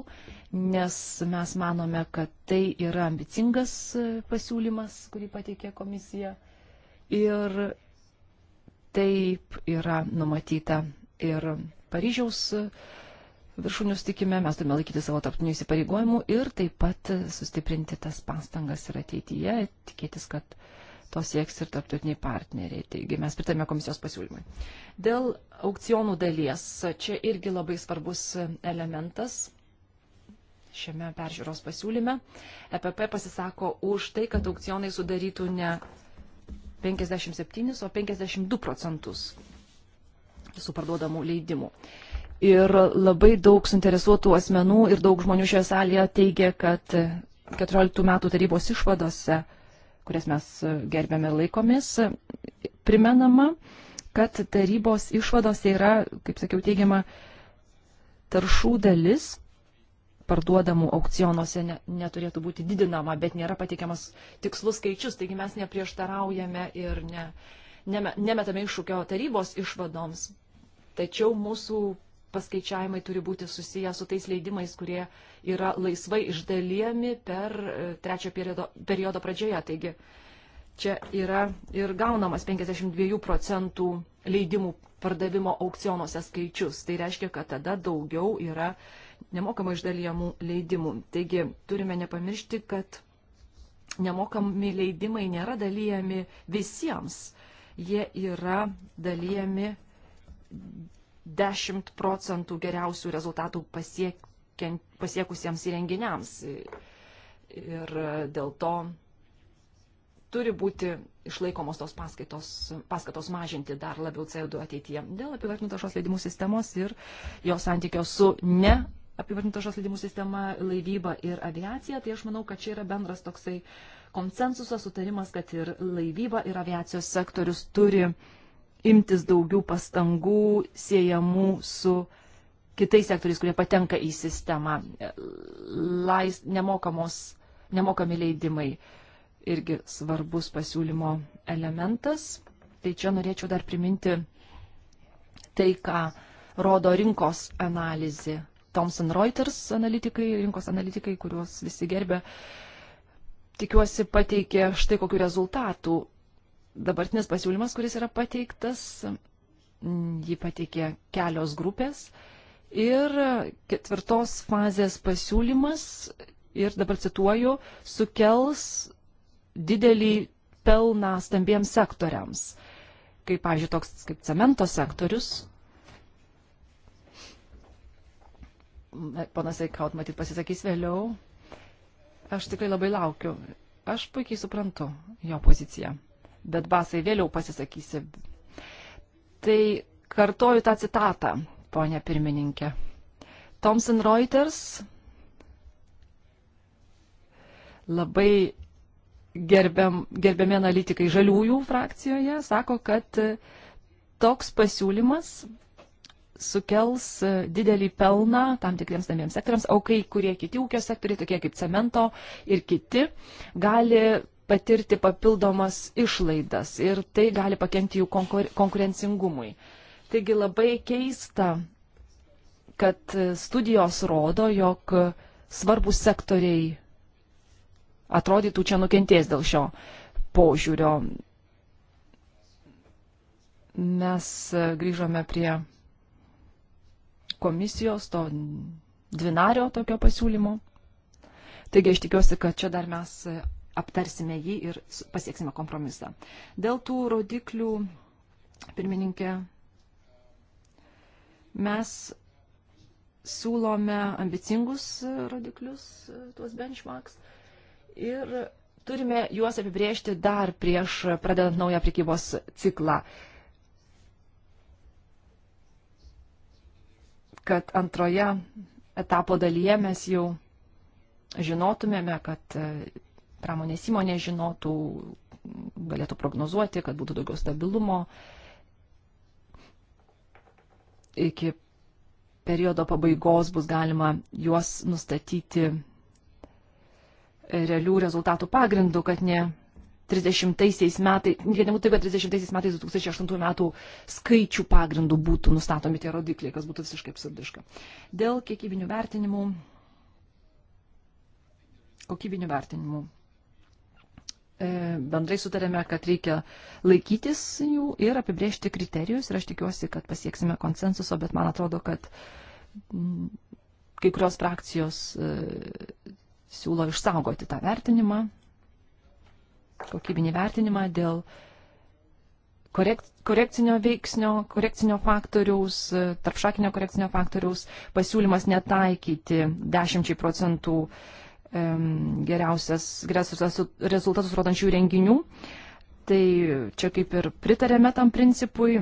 nes mes manome, kad tai yra ambicingas pasiūlymas, kurį pateikė komisija. Ir taip yra numatyta ir Paryžiaus viršūnių sutikime, mes turime laikyti savo tarptinių įsipareigojimų ir taip pat sustiprinti tas pastangas ir ateityje, tikėtis, kad to sieks ir tarptautiniai partneriai. Taigi mes pritarėme komisijos pasiūlymui. Dėl aukcionų dalies, čia irgi labai svarbus elementas šiame peržiūros pasiūlyme. EPP pasisako už tai, kad aukcionai sudarytų ne 57, o 52 procentus visų parduodamų leidimų. Uh, Ir labai daug suinteresuotų asmenų ir daug žmonių šioje salėje teigia, kad 14 metų tarybos išvadose, kurias mes gerbėme ir laikomės, primenama, kad tarybos išvadose yra, kaip sakiau, teigiama taršų dalis parduodamų aukcionuose ne, neturėtų būti didinama, bet nėra patikiamas tikslus skaičius, taigi mes neprieštaraujame ir ne, ne, nemetame iššūkio tarybos išvadoms. Tačiau mūsų paskaičiavimai turi būti susiję su tais leidimais, kurie yra laisvai išdalijami per e, trečio periodo, periodo pradžioje. Taigi čia yra ir gaunamas 52 procentų leidimų pardavimo aukcionuose skaičius. Tai reiškia, kad tada daugiau yra nemokamai išdalijamų leidimų. Taigi turime nepamiršti, kad nemokami leidimai nėra dalyjami visiems. Jie yra dalyjami 10 procentų geriausių rezultatų pasiek, pasiekusiems įrenginiams. Ir dėl to turi būti išlaikomos tos paskaitos, paskatos mažinti dar labiau CO2 ateityje dėl apivartintos šios leidimų sistemos ir jos santykio su ne apivartintos šios leidimų sistema, laivyba ir aviacija. Tai aš manau, kad čia yra bendras toksai konsensusas, sutarimas, kad ir laivyba ir aviacijos sektorius turi uh, imtis daugiau pastangų siejamų su kitais sektoriais, kurie patenka į sistemą. Lais, nemokamos, nemokami leidimai irgi svarbus pasiūlymo elementas. Tai čia norėčiau dar priminti tai, ką rodo rinkos analizė. Thomson Reuters analitikai, rinkos analitikai, kuriuos visi gerbė, tikiuosi pateikė štai kokiu rezultatu dabartinis pasiūlymas, kuris yra pateiktas, jį pateikė kelios grupės ir ketvirtos fazės pasiūlymas, ir dabar cituoju, sukels didelį pelną stambiems sektoriams, kaip, pažiūrėjau, toks kaip cemento sektorius. Panas Eikaut, matyt, pasisakys vėliau. Aš tikrai labai laukiu. Aš puikiai suprantu jo poziciją bet basai vėliau pasisakysi. Tai kartoju tą citatą, ponia pirmininkė. Thomson Reuters labai gerbiam, gerbiami analitikai žaliųjų frakcijoje sako, kad toks pasiūlymas sukels didelį pelną tam tikriems namiems sektoriams, o kai kurie kiti ūkio sektoriai, tokie kaip cemento ir kiti, gali patirti papildomas išlaidas ir tai gali pakengti jų konkurencingumui. Taigi labai keista, kad studijos rodo, jog svarbus sektoriai atrodytų čia nukentės dėl šio požiūrio. Mes grįžome prie komisijos, to dvinario tokio pasiūlymo. Taigi aš tikiuosi, kad čia dar mes aptarsime jį ir pasieksime kompromisą. Dėl tų rodiklių, pirmininkė, mes siūlome ambicingus rodiklius, tuos benchmarks, ir turime juos apibriežti dar prieš pradedant naują prikybos ciklą. Kad antroje etapo dalyje mes jau žinotumėme, kad pramonės įmonė žinotų, galėtų prognozuoti, kad būtų daugiau stabilumo iki periodo pabaigos bus galima juos nustatyti realių rezultatų pagrindų, kad ne 30 metais, nebūtų taip, kad 30 metais 2008 metų skaičių pagrindų būtų nustatomi tie rodikliai, kas būtų visiškai absurdiška. Dėl kiekybinių vertinimų, kokybinių vertinimų E, bendrai sutarėme, kad reikia laikytis jų ir apibriežti kriterijus ir aš tikiuosi, kad pasieksime konsensuso, bet man atrodo, kad kai kurios frakcijos e, siūlo išsaugoti tą vertinimą, kokybinį vertinimą dėl korekt, korekcinio veiksnio, korekcinio faktoriaus, e, tarpšakinio korekcinio faktoriaus pasiūlymas netaikyti 10 procentų uh, geriausias, geriausias rezultatus rodančių renginių. Tai čia kaip ir pritarėme tam principui.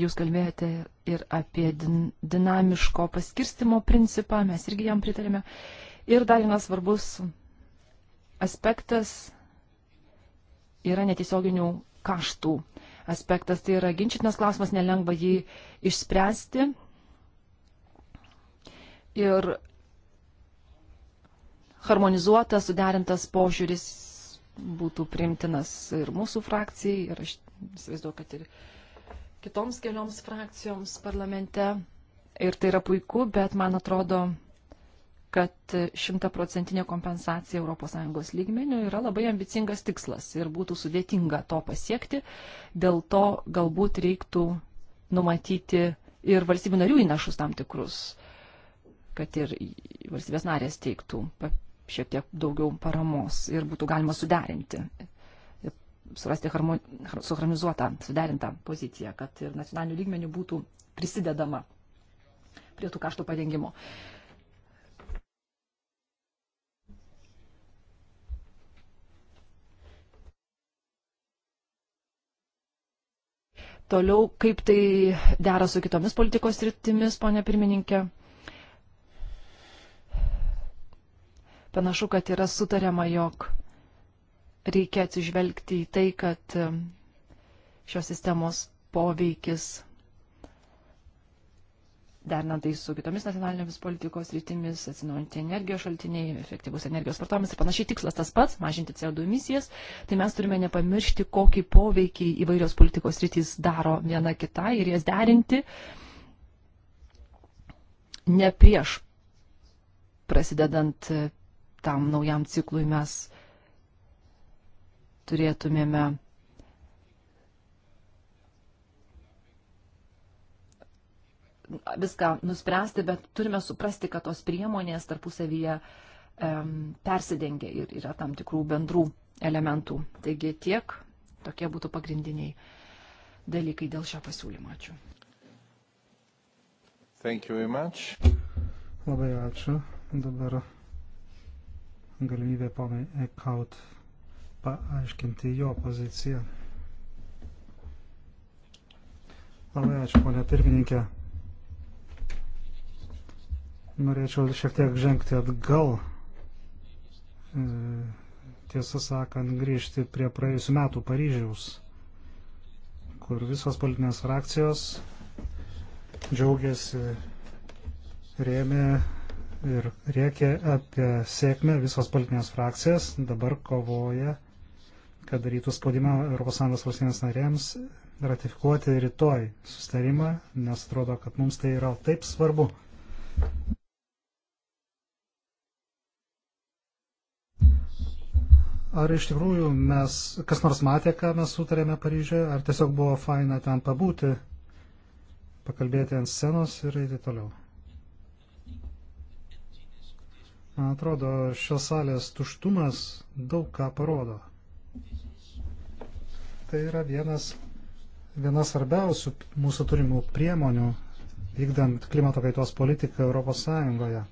Jūs kalbėjote ir apie din dinamiško paskirstimo principą, mes irgi jam pritarėme. Ir dar vienas svarbus aspektas yra netiesioginių kaštų aspektas. Tai yra ginčytinas klausimas, nelengva jį išspręsti ir harmonizuotas, suderintas požiūris būtų primtinas ir mūsų frakcijai, ir aš įsivaizduoju, kad ir kitoms kelioms frakcijoms parlamente. Ir tai yra puiku, bet man atrodo, kad šimtaprocentinė kompensacija ES lygmenių yra labai ambicingas tikslas ir būtų sudėtinga to pasiekti. Dėl to galbūt reiktų numatyti ir valstybių narių įnašus tam tikrus kad ir valstybės narės teiktų šiek tiek daugiau paramos ir būtų galima suderinti, surasti suharmonizuotą, suderintą poziciją, kad ir nacionalinių lygmenių būtų prisidedama prie tų kaštų padengimo. Toliau, kaip tai dera su kitomis politikos rytimis, ponė pirmininkė, panašu, kad yra sutariama, jog reikia atsižvelgti į tai, kad šios sistemos poveikis derinant tai su kitomis nacionalinėmis politikos rytimis, atsinaujantį energijos šaltiniai, efektyvus energijos vartojimas ir panašiai tikslas tas pats - mažinti CO2 emisijas, tai mes turime nepamiršti, kokį poveikį įvairios politikos rytis daro viena kita ir jas derinti ne prieš prasidedant tam naujam ciklui mes turėtumėme viską nuspręsti, bet turime suprasti, kad tos priemonės tarpusavyje um, persidengia ir yra tam tikrų bendrų elementų. Taigi tiek tokie būtų pagrindiniai dalykai dėl šio pasiūlymo. Ačiū. Labai ačiū. Dabar galimybė ponai Ekaut paaiškinti jo poziciją. Labai ačiū, ponia pirmininkė. Norėčiau šiek tiek žengti atgal, e, tiesą sakant, grįžti prie praėjusių metų Paryžiaus, kur visos politinės frakcijos džiaugiasi, rėmė ir rėkė apie sėkmę visos politinės frakcijas, dabar kovoja, kad darytų spaudimą ES valstybės narėms ratifikuoti rytoj sustarimą, nes atrodo, kad mums tai yra taip svarbu. Ar iš tikrųjų mes, kas nors matė, ką mes sutarėme Paryžiuje, ar tiesiog buvo faina ten pabūti, pakalbėti ant scenos ir eiti toliau? Man atrodo, šios salės tuštumas daug ką parodo. Tai yra vienas, vienas svarbiausių mūsų turimų priemonių vykdant klimato kaitos politiką Europos Sąjungoje.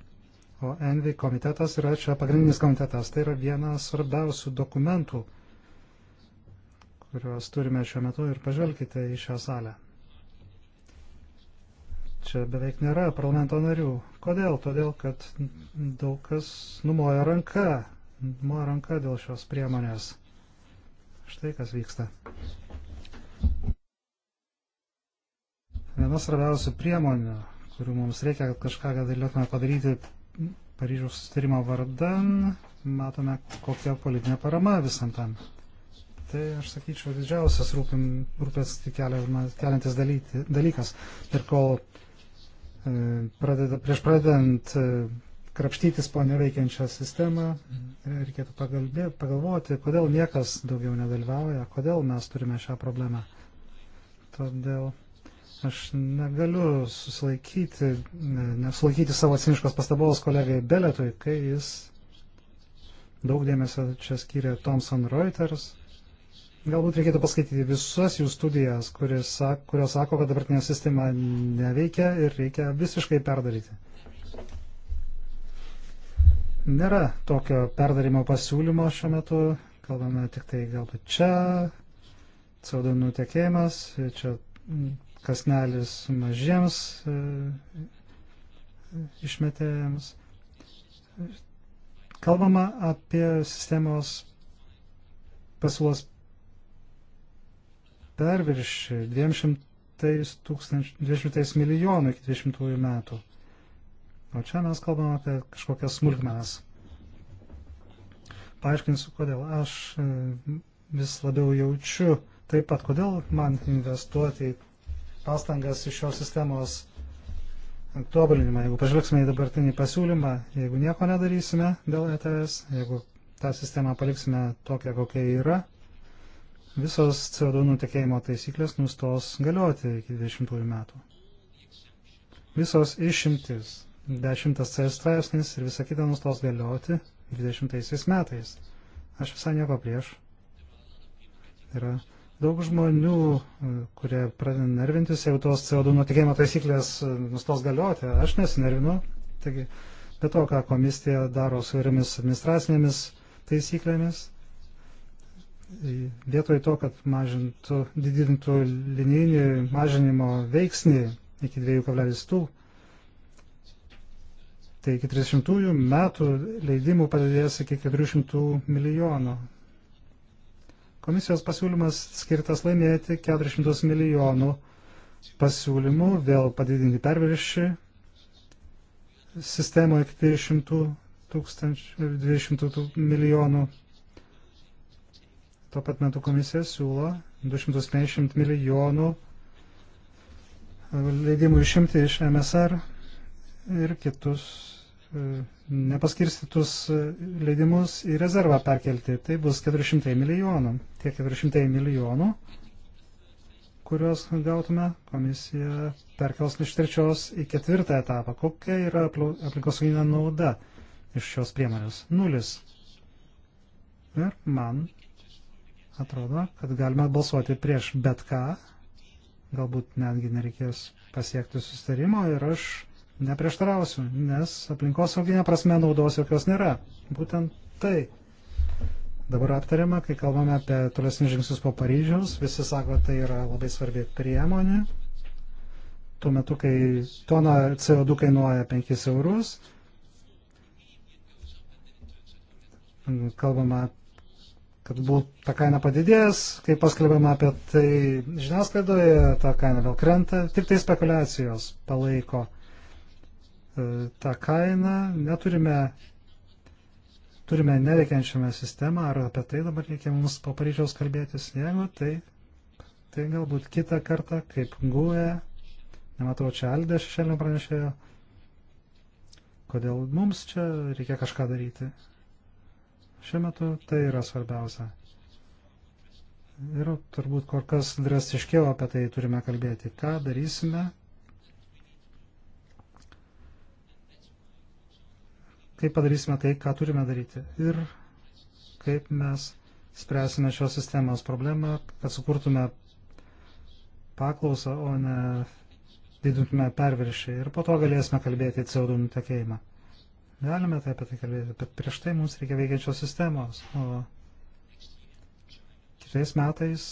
O ENVI komitetas yra čia pagrindinis komitetas. Tai yra vienas svarbiausių dokumentų, kuriuos turime šiuo metu ir pažvelkite į šią salę čia beveik nėra parlamento narių. Kodėl? Todėl, kad daug kas numoja ranka, numoja ranka dėl šios priemonės. Štai kas vyksta. Viena svarbiausių priemonių, kurių mums reikia, kad kažką galėtume padaryti Paryžiaus sustarimo vardan, matome, kokia politinė parama visam tam. Tai, aš sakyčiau, didžiausias rūpin, rūpės keliantis dalykas. Ir kol pradeda, prieš pradedant e, krapštytis po neveikiančią sistemą, e, reikėtų pagalbė, pagalvoti, kodėl niekas daugiau nedalyvauja, kodėl mes turime šią problemą. Todėl aš negaliu susilaikyti, nesulaikyti savo ciniškos pastabos kolegai Beletui, kai jis daug dėmesio čia skyrė Thomson Reuters Galbūt reikėtų paskaityti visas jų studijas, kurios sako, kad dabartinė sistema neveikia ir reikia visiškai perdaryti. Nėra tokio perdarimo pasiūlymo šiuo metu, kalbame tik tai galbūt čia, CO2 nutekėjimas, čia kasnelis mažiems e, išmetėjams. Kalbama apie sistemos pasiūlos perviršį 200, tūkstanč, 200 milijonų iki 20 metų. O čia mes kalbam apie kažkokias smulkmenas. Paaiškinsiu, kodėl aš e, vis labiau jaučiu taip pat, kodėl man investuoti pastangas iš šios sistemos tobulinimą. Jeigu pažvelgsime į dabartinį pasiūlymą, jeigu nieko nedarysime dėl ETS, jeigu tą sistemą paliksime tokią, kokia yra, visos CO2 nutekėjimo taisyklės nustos galioti iki 20 metų. Visos išimtis, 10 C straipsnis ir visa kita nustos galioti 20 metais. Aš visai nieko prieš. Yra daug žmonių, e, kurie pradeda nervintis, jeigu tos CO2 nutekėjimo taisyklės e, nustos galioti. Aš nesinervinu. Taigi, be to, ką komisija daro su įvairiamis administracinėmis taisyklėmis, vietoj to, kad mažintų, didintų linijinį mažinimo veiksnį iki 2,2, tai iki 30 metų leidimų padidės iki 400 milijonų. Komisijos pasiūlymas skirtas laimėti 400 milijonų pasiūlymų, vėl padidinti perviršį sistemoje iki 200 tūkstančių, 200 milijonų Tuo pat metu komisija siūlo 250 milijonų leidimų išimti iš MSR ir kitus e, nepaskirstytus e, leidimus į rezervą perkelti. Tai bus 400 milijonų. Tie 400 milijonų, kuriuos gautume, komisija perkels iš trečios į ketvirtą etapą. Kokia yra aplinkosauginė nauda iš šios priemonės? Nulis. Ir man Atrodo, kad galime balsuoti prieš bet ką. Galbūt netgi nereikės pasiekti sustarimo ir aš neprieštarausiu, nes aplinkos sauginė prasme naudos jokios nėra. Būtent tai dabar aptariama, kai kalbame apie tolesnius žingsnius po Paryžiaus. Visi sako, tai yra labai svarbi priemonė. Tuo metu, kai tona CO2 kainuoja 5 eurus, kalbama kad būt, ta kaina padidės, kai paskelbėme apie tai žiniasklaidoje, ta kaina vėl krenta, tik tai spekulacijos palaiko e, tą kainą, neturime, turime neveikiančiame sistemą, ar apie tai dabar reikia mums po Paryžiaus kalbėtis, jeigu tai, tai galbūt kitą kartą, kaip GUE, nematau čia Aldė šešėlinio pranešėjo, kodėl mums čia reikia kažką daryti. Šiuo metu tai yra svarbiausia. Ir turbūt kur kas drastiškiau apie tai turime kalbėti. Ką darysime? Kaip padarysime tai, ką turime daryti? Ir kaip mes spręsime šios sistemos problemą, kad sukurtume paklausą, o ne didintume perviršį. Ir po to galėsime kalbėti CO2 nutekėjimą. Galime tai apie tai kalbėti, bet prieš tai mums reikia veikiančios sistemos. O kitais metais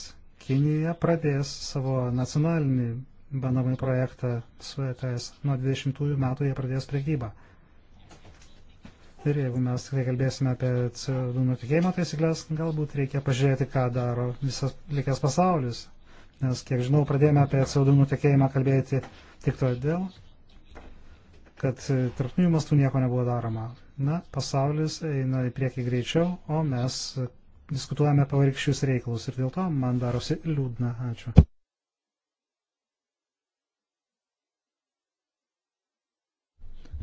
Kinija pradės savo nacionalinį bandomąjį projektą su ETS. Nuo 20 metų jie pradės prekybą. Ir jeigu mes tikrai kalbėsime apie CO2 nutikėjimo taisyklės, galbūt reikia pažiūrėti, ką daro visas likęs pasaulis. Nes, kiek žinau, pradėjome apie CO2 nutikėjimą kalbėti tik todėl, kad e, tarptautiniu mastu nieko nebuvo daroma. Na, pasaulis eina į priekį greičiau, o mes e, diskutuojame pavarikščius reikalus ir dėl to man darosi liūdna. Ačiū.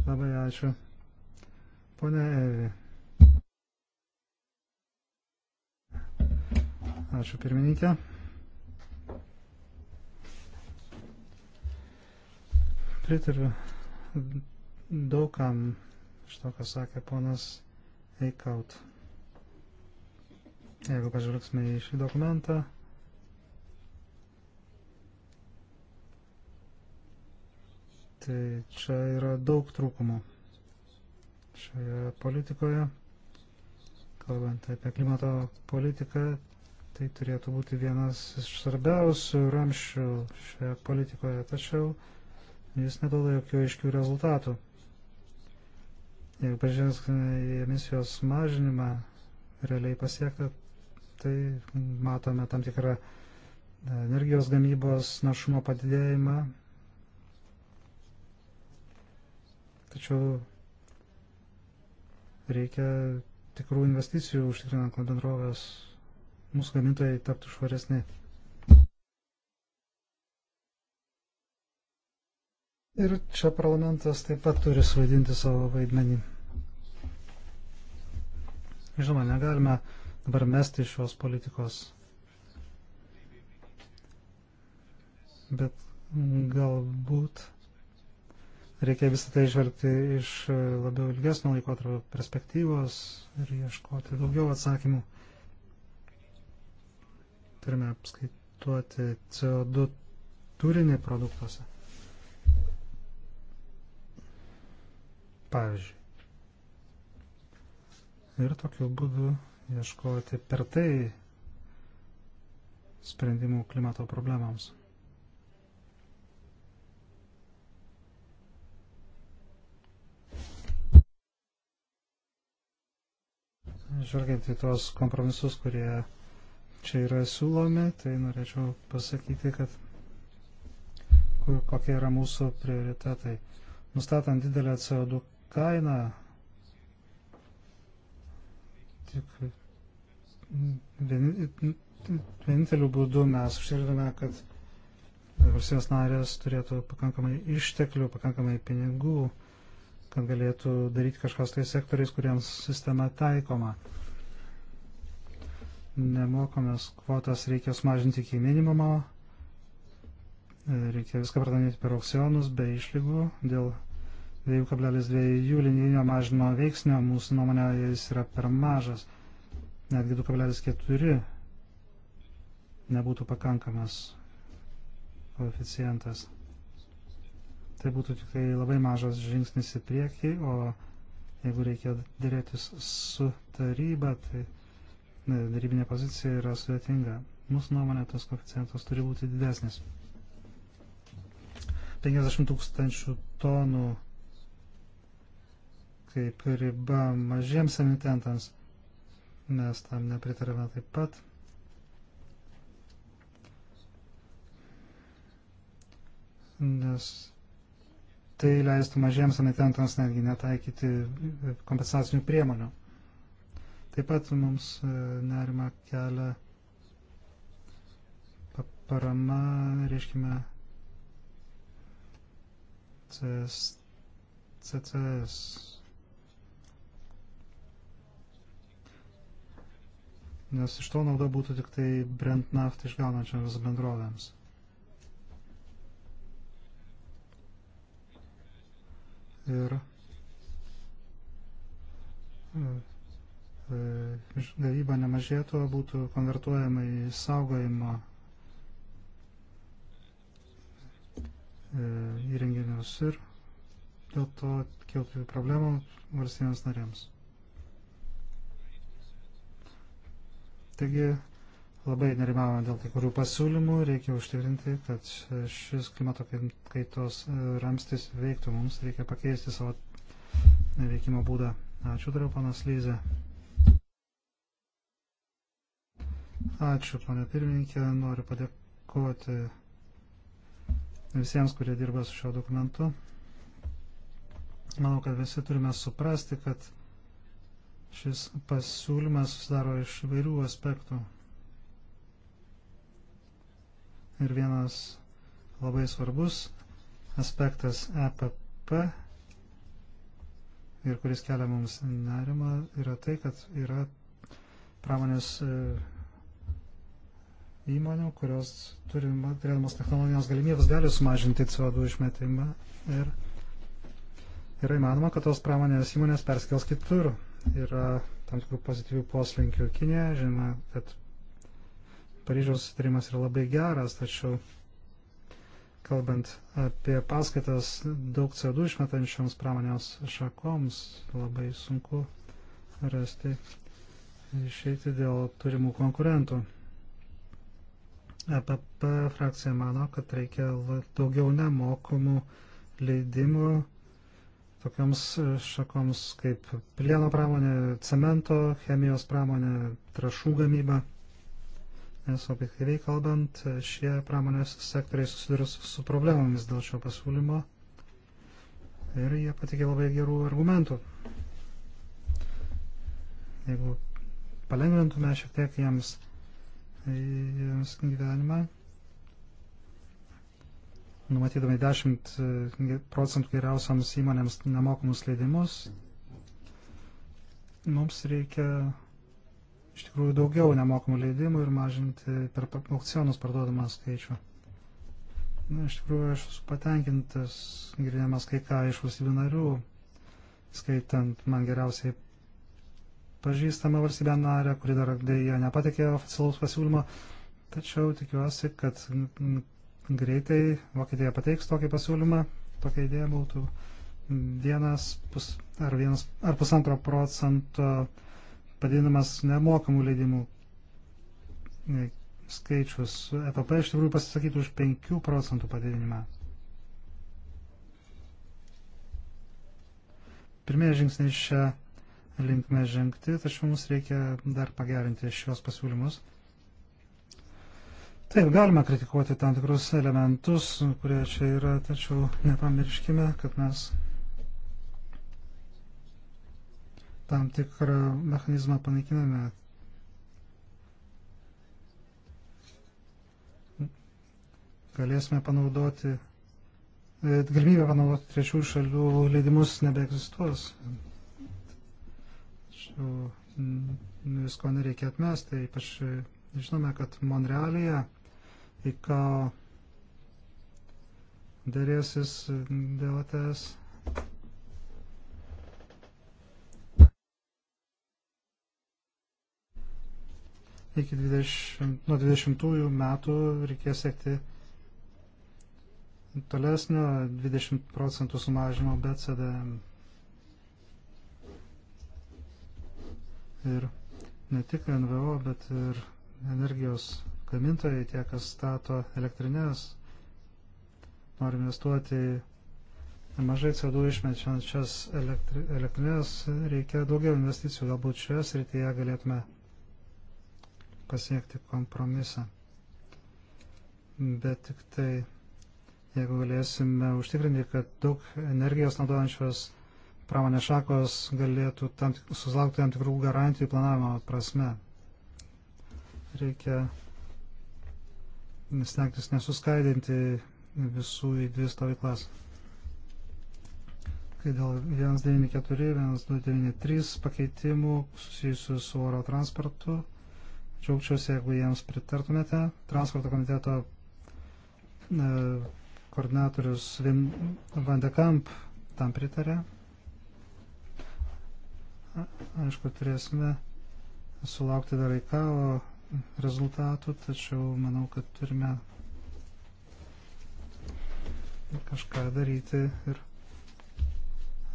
Labai ačiū. Pone Evi. Ačiū pirmininkė. Pritariu daugam iš to, ką sakė ponas Eikaut. Jeigu pažvelgsime į šį dokumentą, tai čia yra daug trūkumų šioje politikoje. Kalbant apie klimato politiką, tai turėtų būti vienas iš svarbiausių ramščių šioje politikoje, tačiau jis neduoda jokių aiškių rezultatų. Jeigu pažiūrėsime į emisijos mažinimą realiai pasiektą, tai matome tam tikrą e, energijos gamybos našumo padidėjimą. Tačiau reikia tikrų investicijų užtikrinant, kad bendrovės mūsų gamintojai taptų švaresni. Ir čia parlamentas taip pat turi suvaidinti savo vaidmenį. Žinoma, negalime dabar mesti šios politikos. Bet galbūt reikia visą tai žvelgti iš labiau ilgesnio laikotarpio perspektyvos ir ieškoti daugiau atsakymų. Turime apskaituoti CO2 turinį produktuose. pavyzdžiui. Ir tokiu būdu ieškoti per tai sprendimų klimato problemams. Žvelgiant į tuos kompromisus, kurie čia yra siūlomi, tai norėčiau pasakyti, kad kur, kokie yra mūsų prioritetai. Nustatant didelę CO2 kaina tik vieninteliu būdu mes užtikriname, kad valstybės narės turėtų pakankamai išteklių, pakankamai pinigų, kad galėtų daryti kažkas tai sektoriais, kuriems sistema taikoma. Nemokamas kvotas reikia sumažinti iki minimumo, reikia viską pradanyti per aukcionus be išlygų dėl 2,2 linijinio mažino veiksnio, mūsų nuomonė jis yra per mažas. Netgi 2,4 nebūtų pakankamas koeficientas. Tai būtų tik tai labai mažas žingsnis į priekį, o jeigu reikia dėrėtis su taryba, tai darybinė pozicija yra sudėtinga. Mūsų nuomonė tas koeficientas turi būti didesnis. 50 tūkstančių tonų kaip riba mažiems emitentams. Mes tam nepritarėme taip pat. Nes tai leistų mažiems emitentams netgi netaikyti kompensacinių priemonių. Taip pat mums e, nerima kelia parama, reiškime, CCS. nes iš to nauda būtų tik tai Brent naft išgaunančiams bendrovėms. Ir gavyba e, e, nemažėtų, būtų konvertuojama į saugojimo e, įrenginius ir dėl to kiltų problemų valstybėms narėms. Taigi labai nerimavome dėl kai kurių pasiūlymų, reikia užtikrinti, kad šis klimato kaitos e, ramstis veiktų, mums reikia pakeisti savo veikimo būdą. Ačiū, turiu panas Lyze. Ačiū, ponė pirmininkė, noriu padėkoti visiems, kurie dirba su šio dokumentu. Manau, kad visi turime suprasti, kad Šis pasiūlymas susidaro iš vairių aspektų. Ir vienas labai svarbus aspektas EPP ir kuris kelia mums nerimą yra tai, kad yra pramonės e, įmonių, kurios turėdamos technologijos galimybės gali sumažinti CO2 išmetimą ir yra įmanoma, kad tos pramonės įmonės perskels kitur yra tam tikrų pozityvių poslinkių Kinėje. Žinoma, kad Paryžiaus sutarimas yra labai geras, tačiau kalbant apie paskaitas daug CO2 išmetančioms pramonės šakoms, labai sunku rasti išeiti dėl turimų konkurentų. EPP frakcija mano, kad reikia daugiau nemokamų leidimų tokiams e, šakoms kaip plieno pramonė, cemento, chemijos pramonė, trašų gamyba. Nes objektyviai kalbant, e, šie pramonės sektoriai susiduria su problemomis dėl šio pasiūlymo ir jie patikė labai gerų argumentų. Jeigu palengvintume šiek tiek jiems, jiems gyvenimą, numatydami 10 e, procentų geriausiams įmonėms nemokamus leidimus, mums reikia iš tikrųjų daugiau nemokamų leidimų ir mažinti per aukcionus parduodamą skaičių. Na, iš tikrųjų, aš esu patenkintas, girdėjimas kai ką iš valstybių narių, skaitant man geriausiai pažįstamą valstybę narę, kuri dar dėja nepatikė oficialaus pasiūlymo, tačiau tikiuosi, kad greitai Vokietija pateiks tokį pasiūlymą, tokia idėja būtų vienas pus, ar, vienas, ar pusantro procento padidinimas nemokamų leidimų skaičius. EPP iš tikrųjų pasisakytų už 5 procentų padidinimą. Pirmieji žingsniai šią linkme žengti, tačiau mums reikia dar pagerinti šios pasiūlymus. Taip, galime kritikuoti tam tikrus elementus, kurie čia yra, tačiau nepamirškime, kad mes tam tikrą mechanizmą panaikiname. Galėsime panaudoti, e, galimybę panaudoti trečių šalių leidimus nebeegzistuos. Tačiau mm, visko nereikia atmesti, ypač e, žinome, kad Monrealėje IKO dėrėsis dėl ATS. Iki 20, nuo 20 metų reikės siekti tolesnio 20 procentų sumažinimo BCDM. Ir ne tik NVO, bet ir energijos gamintojai, tie, kas stato elektrinės, nori investuoti mažai CO2 išmečiančias elektri, elektrinės, reikia daugiau investicijų. Galbūt šioje srityje galėtume pasiekti kompromisą. Bet tik tai, jeigu galėsime užtikrinti, kad daug energijos naudojančios pramonės šakos galėtų tam, susilaukti tam tikrų garantijų planavimo prasme. Reikia stengtis nesuskaidinti visų į dvi stovyklas. Kai dėl 194, 1293 pakeitimų susijusių su oro transportu, džiaugčiausi, jeigu jiems pritartumėte. Transporto komiteto e, koordinatorius Vin Vandekamp tam pritarė. Aišku, turėsime sulaukti dar reikalo rezultatų, tačiau manau, kad turime kažką daryti ir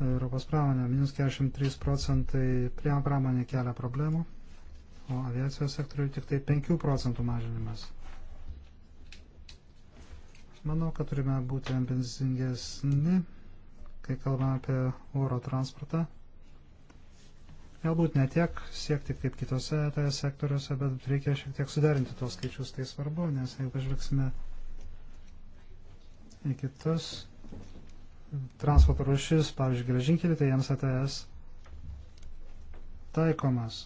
Europos pramonė. Minus 43 procentai pramonė kelia problemų, o aviacijos sektoriui tik tai 5 procentų mažinimas. Manau, kad turime būti ambicingesni, kai kalbame apie oro transportą. Galbūt ne tiek siekti kaip kitose sektoriuose, bet reikia šiek tiek suderinti tos skaičius, tai svarbu, nes jeigu pažvelgsime į kitus transporto rušis, pavyzdžiui, geležinkelį, tai jiems ATS taikomas.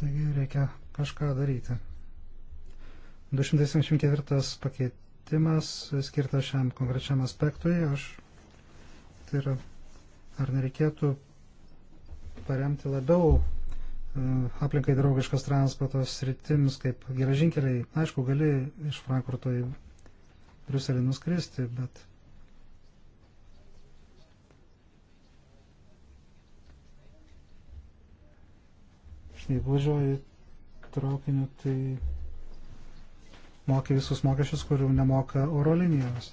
Taigi reikia kažką daryti. 274 pakeitimas skirtas šiam konkrečiam aspektui. Aš kad tai ir ar nereikėtų paremti labiau e, aplinkai draugiškas transportos sritims, kaip geležinkeliai. Aišku, gali iš Frankfurto į Briuselį nuskristi, bet jeigu važiuoji traukiniu, tai moki visus mokesčius, kurių nemoka oro linijos.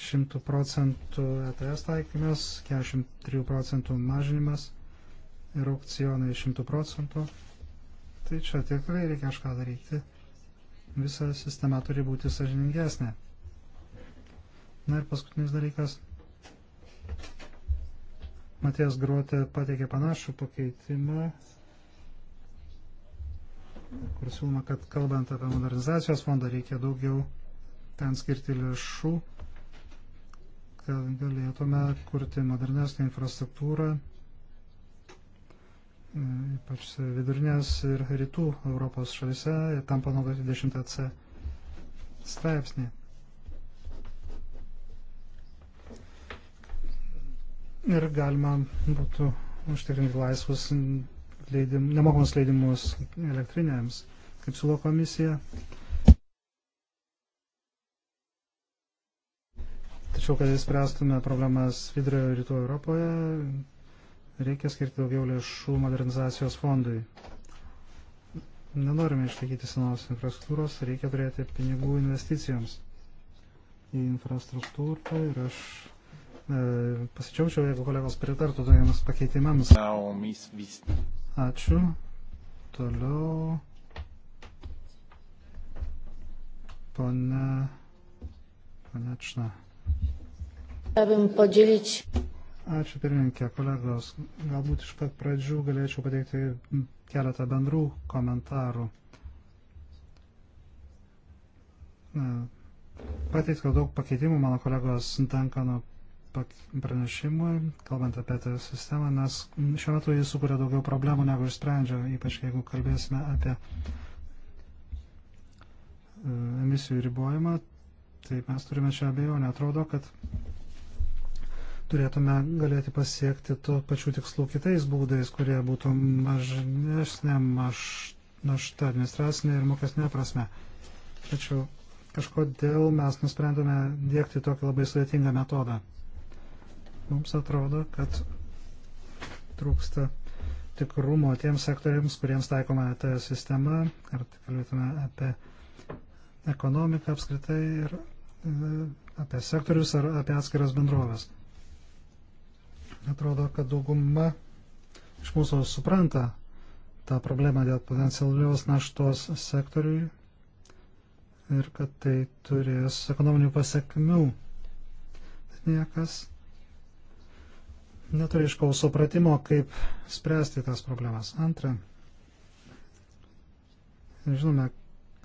100 procentų ETS taikymas, 43 procentų mažinimas ir aukcionai 100 procentų. Tai čia tikrai reikia kažką daryti. Visa sistema turi būti sažiningesnė. Na ir paskutinis dalykas. Matijas Gruotė pateikė panašų pakeitimą, kur siūloma, kad kalbant apie modernizacijos fondą reikia daugiau ten skirti lėšų kad galėtume kurti modernesnį infrastruktūrą, e, ypač vidurinės ir rytų Europos šalise, tam panaudoti 10C straipsnį. Ir galima būtų užtikrinti laisvus leidim, nemokamus leidimus elektrinėms, kaip siūlo komisija. tačiau, kad įspręstume problemas vidurio ir rytų Europoje, reikia skirti daugiau lėšų modernizacijos fondui. Nenorime išlaikyti senos infrastruktūros, reikia turėti pinigų investicijoms į infrastruktūrą ir aš e, pasičiaučiau, jeigu kolegos pritartų tojams pakeitimams. Ačiū. Toliau. Pone. Konečna. Ačiū pirmininkė, kolegos. Galbūt iš pat pradžių galėčiau pateikti keletą bendrų komentarų. Pateikiau daug pakeitimų mano kolegos Dankano pranešimui, kalbant apie tą sistemą, nes šiuo metu jis sukuria daugiau problemų negu išsprendžia, ypač jeigu kalbėsime apie e, emisijų ribojimą, tai mes turime čia abejonę. Atrodo, kad turėtume galėti pasiekti tų pačių tikslų kitais būdais, kurie būtų mažesnė maž, našta administracinė ir mokesnė prasme. Tačiau kažkodėl mes nusprendėme dėkti tokį labai sudėtingą metodą. Mums atrodo, kad trūksta tikrumo tiems sektoriams, kuriems taikoma e ta sistema, ar kalbėtume apie ekonomiką apskritai ir e, apie sektorius ar apie atskiras bendrovės. Atrodo, kad dauguma iš mūsų supranta tą problemą dėl potencialios naštos sektoriui ir kad tai turės ekonominių pasiekmių. Bet niekas neturi iškaus supratimo, kaip spręsti tas problemas. Antra, žinome,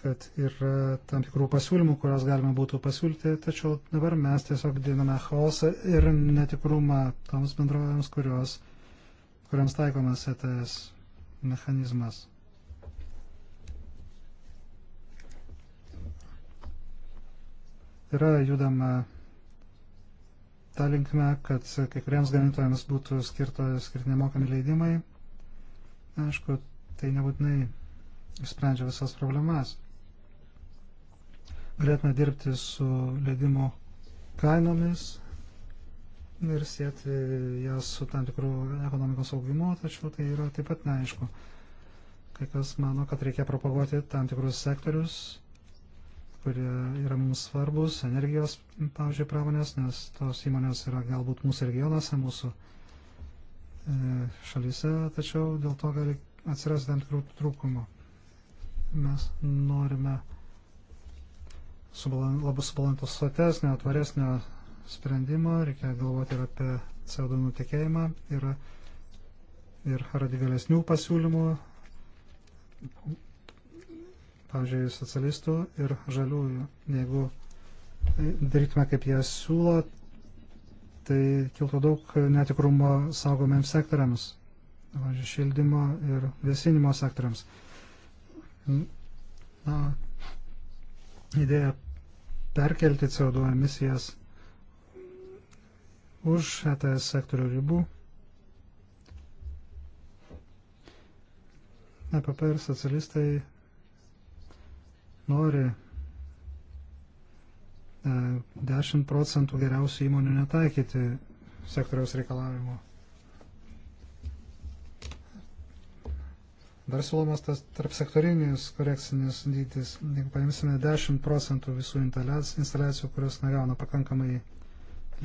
kad yra tam tikrų pasiūlymų, kurios galima būtų pasiūlyti, tačiau dabar mes tiesiog didiname chaosą ir netikrumą toms bendrovėms, kurios, kuriams taikomas ETS mechanizmas. Yra judama tą linkmę, kad kai kuriems gamintojams būtų skirto skirti nemokami leidimai. Aišku, tai nebūtinai išsprendžia visas problemas galėtume dirbti su leidimo kainomis ir sėti jas su tam tikrų ekonomikos augimu, tačiau tai yra taip pat neaišku. Kai kas mano, kad reikia propaguoti tam tikrus sektorius, kurie yra mums svarbus, energijos, pavyzdžiui, pramonės, nes tos įmonės yra galbūt mūsų regionuose, mūsų e, šalyse, tačiau dėl to gali atsirasti tam tikrų trūkumų. Mes norime labai subalansuotesnio, tvaresnio sprendimo, reikia galvoti ir apie CO2 nutekėjimą, yra ir radikalesnių pasiūlymų, pavyzdžiui, socialistų ir žaliųjų. Jeigu darytume, kaip jie siūlo, tai kiltų daug netikrumo saugomiems sektoriams, pavyzdžiui, šildymo ir vėsinimo sektoriams. Na, idėja perkelti CO2 emisijas už ETS sektorių ribų. EPP ir socialistai nori 10 e, procentų geriausių įmonių netaikyti sektoriaus reikalavimo. Dar siūlomas tas tarpsektorinis korekcinis dydis, jeigu paimsime 10 procentų visų instaliacijų, kurios negauna pakankamai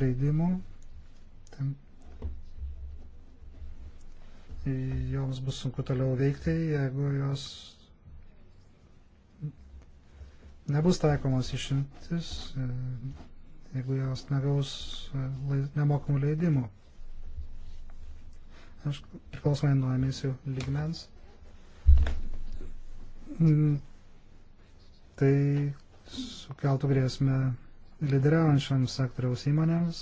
leidimų, tai joms bus sunku toliau veikti, jeigu jos nebus taikomos išimtis, jeigu jos negaus nemokamų leidimų. Aš priklausomai nuo emisijų lygmens Mm. tai sukeltų grėsmę lyderiaujančiams sektoriaus įmonėms,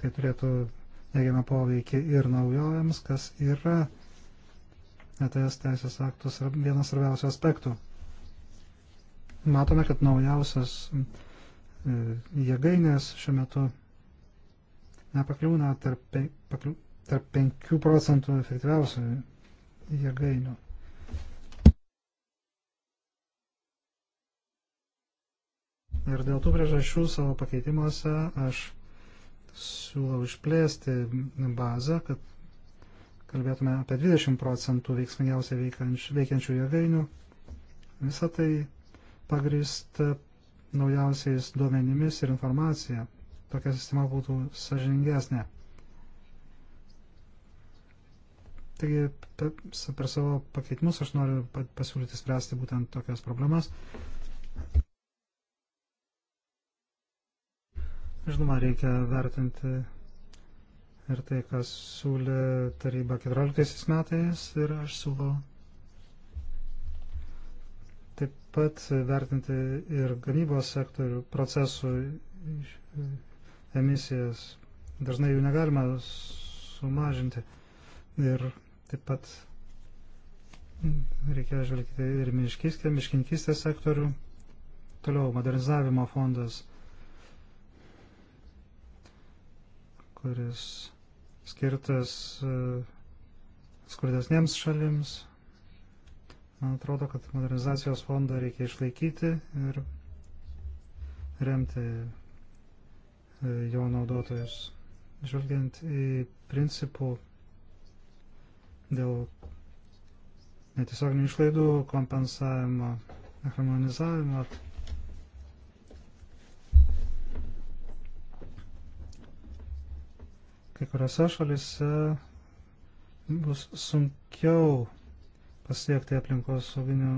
tai turėtų neigiamą poveikį ir naujovėms, kas yra ETS teisės aktus vienas svarbiausių aspektų. Matome, kad naujausias e, jėgainės šiuo metu nepakliūna tarp, pe, pakliū, tarp 5 procentų efektyviausių jėgainių. Ir dėl tų priežasčių savo pakeitimuose aš siūlau išplėsti bazę, kad kalbėtume apie 20 procentų veiksmingiausiai veikiančių jėgainių. Visą tai pagrįsta naujausiais duomenimis ir informacija. Tokia sistema būtų sažingesnė. Taigi per savo pakeitimus aš noriu pasiūlyti spręsti būtent tokias problemas. Žinoma, reikia vertinti ir tai, kas siūlė taryba 14 metais ir aš siūlau taip pat vertinti ir gamybos sektorių procesų emisijas. Dažnai jų negalima sumažinti. Ir taip pat reikia žvelgti ir miškistė, miškinkistės sektorių. Toliau modernizavimo fondas. kuris skirtas e, skurdesniems šalims. Man atrodo, kad modernizacijos fondą reikia išlaikyti ir remti e, jo naudotojus. Žvelgiant į principų dėl netiesioginių išlaidų kompensavimo, harmonizavimo, Kai kuriuose šalise bus sunkiau pasiekti aplinkos sauginių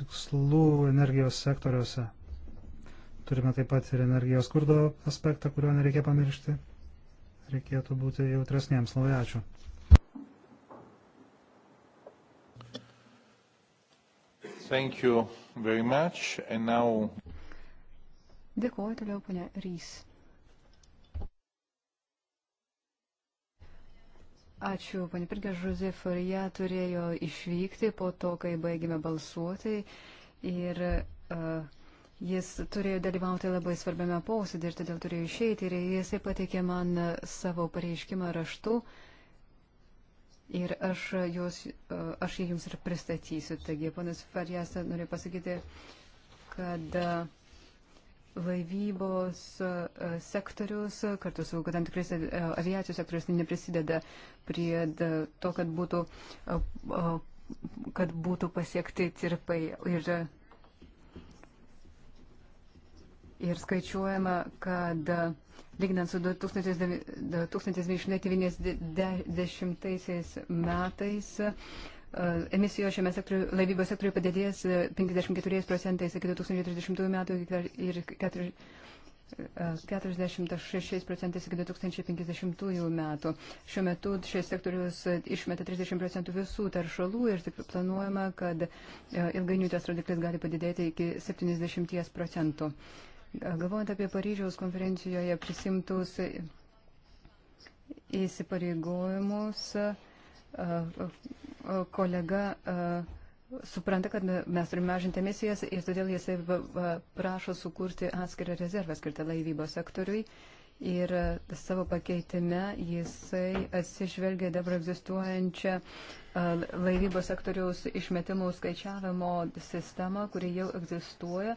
tikslų energijos sektoriuose. Turime taip pat ir energijos skurdo aspektą, kurio nereikia pamiršti. Reikėtų būti jautresniems. Labai ačiū. Thank you very much. And now... Dėkuoju toliau, ponia Rys. Ačiū, panė Pirgė, Žuzef ir ją turėjo išvykti po to, kai baigėme balsuoti ir uh, jis turėjo dalyvauti labai svarbiame posėdė ir todėl turėjo išeiti ir jisai pateikė man savo pareiškimą raštu ir aš, jūs, uh, aš jį jums ir pristatysiu. Taigi, panas Farjas, noriu pasakyti, kad uh, laivybos e, sektorius kartu su tam tikrais aviacijos sektorius tai neprisideda prie to, kad būtų, kad būtų pasiekti tirpai. Ir, ir skaičiuojama, kad lyginant su 1990 metais E, emisijos šiame sektoriu, laivybos sektoriu padidės 54 e, procentais iki 2030 metų ir 46 e, procentais iki 2050 metų. Šiuo metu šis sektorius išmeta 30 procentų visų taršalų ir tik planuojama, kad ilgainiui tas rodiklis gali padidėti iki 70 procentų. Galvojant apie Paryžiaus konferencijoje prisimtus įsipareigojimus, kolega e, supranta, kad mes turime mažinti emisijas ir todėl jisai prašo sukurti atskirą rezervą skirtą laivybos sektoriui. Ir e, savo pakeitime jisai atsižvelgia dabar egzistuojančią e, laivybos sektoriaus išmetimų skaičiavimo sistemą, kuri jau egzistuoja.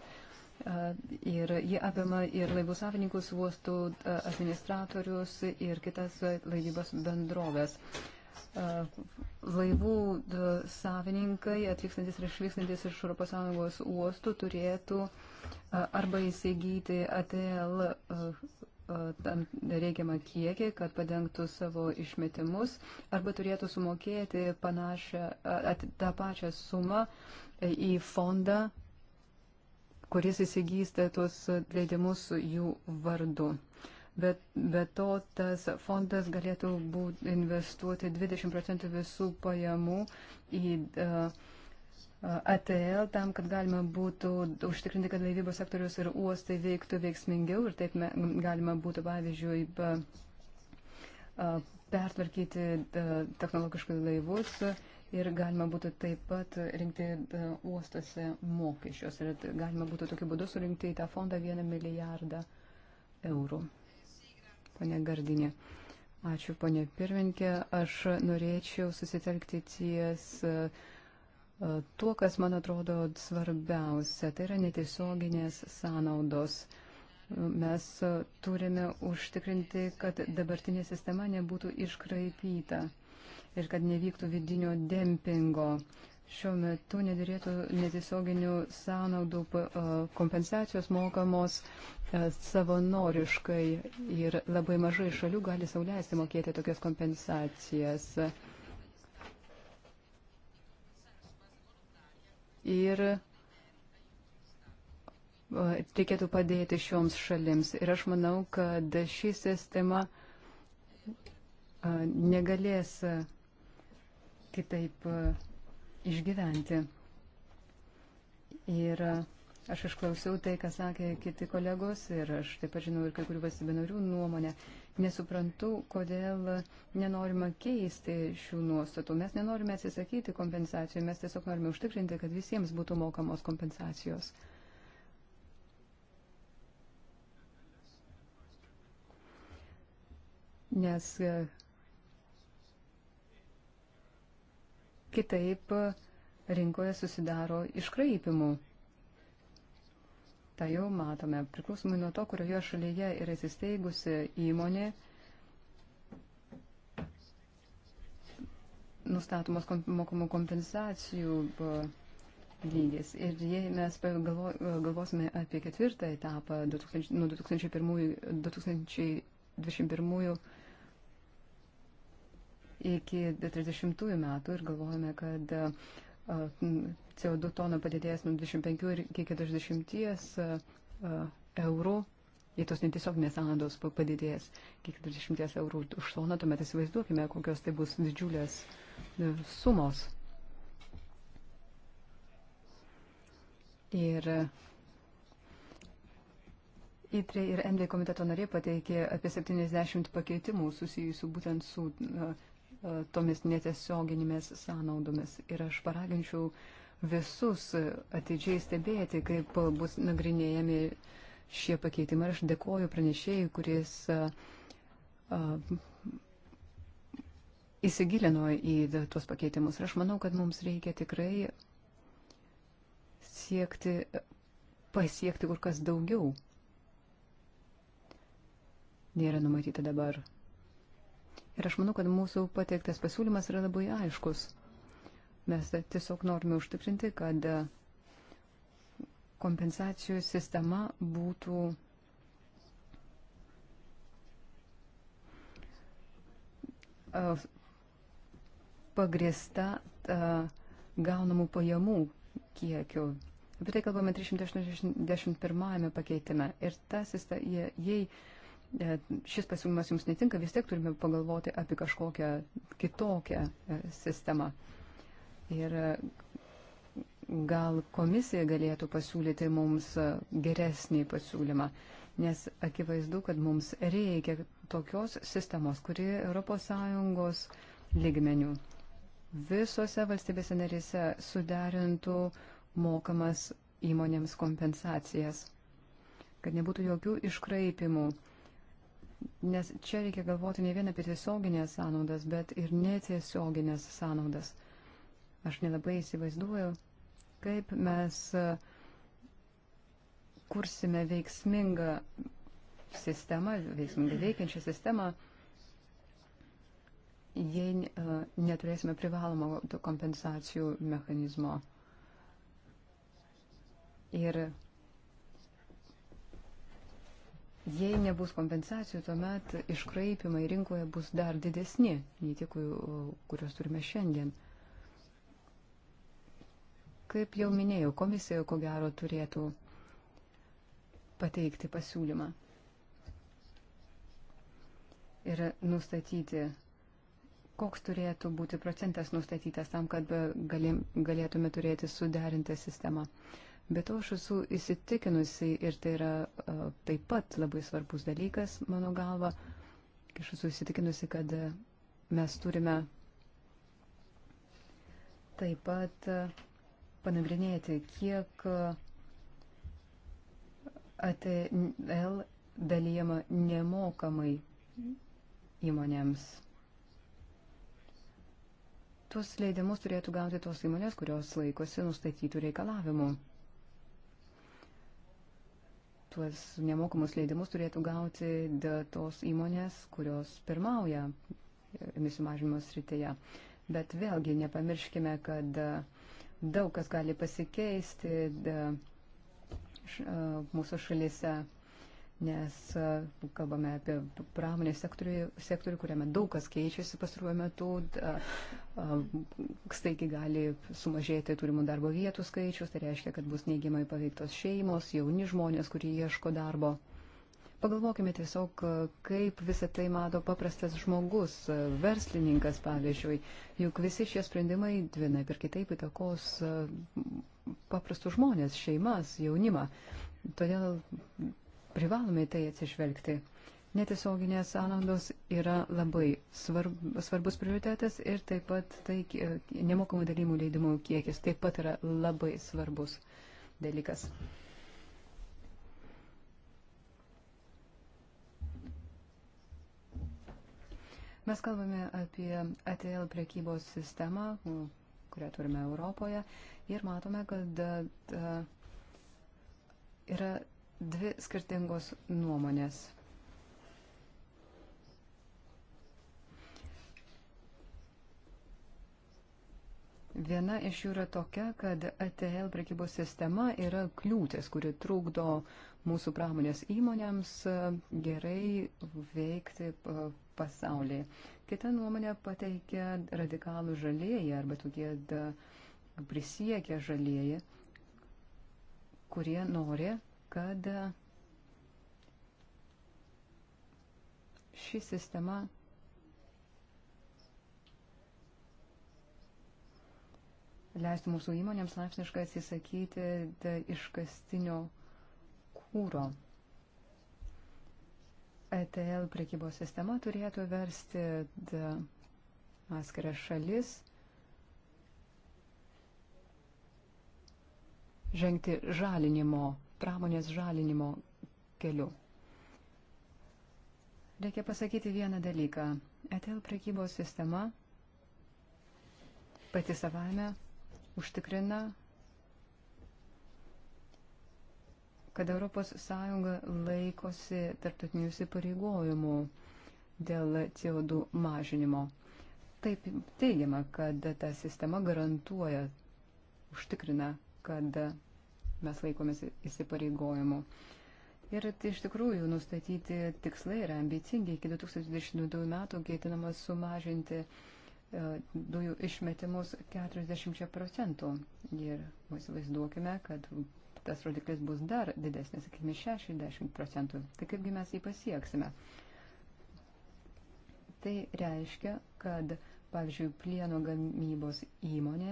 Ir jie apima ir laivų savininkus, uostų administratorius ir kitas laivybos bendrovės laivų savininkai atvykstantis ir išvykstantis iš ES uostų turėtų arba įsigyti ATL tam reikiamą kiekį, kad padengtų savo išmetimus, arba turėtų sumokėti panašią, at, tą pačią sumą e, į fondą, kuris įsigys tuos leidimus jų vardu bet, bet to tas fondas galėtų būti investuoti 20 procentų visų pajamų į uh, e, e, ATL tam, kad galima būtų užtikrinti, kad laivybos sektorius ir uostai veiktų veiksmingiau ir taip me, galima būtų, pavyzdžiui, pa, uh, pertvarkyti uh, technologiškai laivus. Uh, ir galima būtų taip pat rinkti uostose mokesčius ir galima būtų tokiu būdu surinkti į tą fondą vieną milijardą eurų ponė Gardinė. Ačiū, ponė pirmininkė. Aš norėčiau susitelkti ties e, e, tuo, kas man atrodo svarbiausia. Tai yra netiesioginės sąnaudos. Mes e, turime užtikrinti, kad dabartinė sistema nebūtų iškraipyta ir kad nevyktų vidinio dempingo. Šiuo metu nedirėtų netiesioginių sąnaudų kompensacijos mokamos savanoriškai ir labai mažai šalių gali sauliaisti mokėti tokias kompensacijas. Ir reikėtų padėti šioms šalims. Ir aš manau, kad ši sistema negalės kitaip išgyventi. Ir aš išklausiau tai, ką sakė kiti kolegos ir aš taip pat žinau ir kai kurių valstybių narių nuomonę. Nesuprantu, kodėl nenorima keisti šių nuostatų. Mes nenorime atsisakyti kompensacijų, mes tiesiog norime užtikrinti, kad visiems būtų mokamos kompensacijos. Nes Kitaip rinkoje susidaro iškraipimų. Ta jau matome, priklausomai nuo to, kurioje šalyje yra įsisteigusi įmonė, nustatomos mokamų kompensacijų lygis. Ir jei mes galvo, galvosime apie ketvirtą etapą 2000, nuo 2001, 2021 iki 30 metų ir galvojame, kad CO2 toną padidėjęs nuo 25 ir iki 40 eurų, jei tos netiesioginės sąnaudos padidėjęs iki 40 eurų už toną, tuomet įsivaizduokime, kokios tai bus didžiulės e, sumos. Ir ITRE e ir NV komiteto nariai pateikė apie 70 pakeitimų susijusių būtent su e, tomis netiesioginėmis sąnaudomis. Ir aš paraginčiau visus atidžiai stebėti, kaip bus nagrinėjami šie pakeitimai. Ir aš dėkoju pranešėjai, kuris įsigilino į tuos pakeitimus. Ir aš manau, kad mums reikia tikrai siekti, pasiekti kur kas daugiau. Nėra numatyta dabar. Ir aš manau, kad mūsų pateiktas pasiūlymas yra labai aiškus. Mes tiesiog norime užtikrinti, kad kompensacijų sistema būtų pagrįsta gaunamų pajamų kiekiu. Apie tai kalbame 381 pakeitime. Ir ta sistema, jei E, šis pasiūlymas jums netinka, vis tiek turime pagalvoti apie kažkokią kitokią e, sistemą. Ir e, gal komisija galėtų pasiūlyti mums geresnį pasiūlymą, nes akivaizdu, kad mums reikia tokios sistemos, kuri ES lygmenių visose valstybėse narėse suderintų mokamas įmonėms kompensacijas, kad nebūtų jokių iškraipimų Nes čia reikia galvoti ne vien apie tiesioginės sąnaudas, bet ir netiesioginės sąnaudas. Aš nelabai įsivaizduoju, kaip mes e, kursime veiksmingą sistemą, veiksmingai veikiančią sistemą, jei e, neturėsime privalomo kompensacijų mechanizmo. Ir Jei nebus kompensacijų, tuomet iškraipimai rinkoje bus dar didesni, nei tie, kuriuos turime šiandien. Kaip jau minėjau, komisija ko gero turėtų pateikti pasiūlymą ir nustatyti, koks turėtų būti procentas nustatytas tam, kad galėtume turėti suderintą sistemą. Bet aš esu įsitikinusi ir tai yra e, taip pat labai svarbus dalykas, mano galva. Aš esu įsitikinusi, kad mes turime taip pat e, panagrinėti, kiek e, ATL dalyjama nemokamai įmonėms. Tuos leidimus turėtų gauti tos įmonės, kurios laikosi nustatytų reikalavimų tuos nemokamus leidimus turėtų gauti tos įmonės, kurios pirmauja e, emisijų mažinimo srityje. Bet vėlgi nepamirškime, kad e, daug kas gali pasikeisti e, mūsų šalyse nes e, kalbame apie pramonės sektorių, sektorių kuriame daug kas keičiasi pastaruoju metu, staigiai gali sumažėti turimų darbo vietų skaičius, tai reiškia, kad bus neigiamai paveiktos šeimos, jauni žmonės, kurie ieško darbo. Pagalvokime tiesiog, e, kaip visą tai mato paprastas žmogus, e, verslininkas pavyzdžiui, juk visi šie sprendimai vienai per kitaip įtakos paprastus žmonės, šeimas, jaunimą. Todėl Privalome į tai atsižvelgti. Netiesioginės sąnaudos yra labai svarb, svarbus prioritetas ir taip pat tai, e, nemokamų dalymų leidimų kiekis taip pat yra labai svarbus dalykas. Mes kalbame apie ATL prekybos sistemą, kurią turime Europoje ir matome, kad e, yra dvi skirtingos nuomonės. Viena iš jų yra tokia, kad ATL prekybos sistema yra kliūtis, kuri trukdo mūsų pramonės įmonėms e, gerai veikti pasaulyje. Kita nuomonė pateikia radikalų žalieji arba tokie prisiekia žalieji, kurie nori kad ši sistema leistų mūsų įmonėms laipsniškai atsisakyti iškastinio kūro. ETL prekybos sistema turėtų versti atskiras šalis žengti žalinimo pramonės žalinimo keliu. Reikia pasakyti vieną dalyką. ETL prekybos sistema pati savame užtikrina, kad ES laikosi tarptautinių įsipareigojimų dėl CO2 mažinimo. Taip teigiama, kad ta sistema garantuoja, užtikrina, kad mes laikomės įsipareigojimu. Ir tai iš tikrųjų nustatyti tikslai yra ambicingi. Iki 2022 metų ketinama sumažinti e, dujų išmetimus 40 procentų. Ir įsivaizduokime, kad tas rodiklis bus dar didesnis, sakykime, 60 procentų. Tai kaipgi mes jį pasieksime? Tai reiškia, kad uh, Pavyzdžiui, plieno gamybos įmonė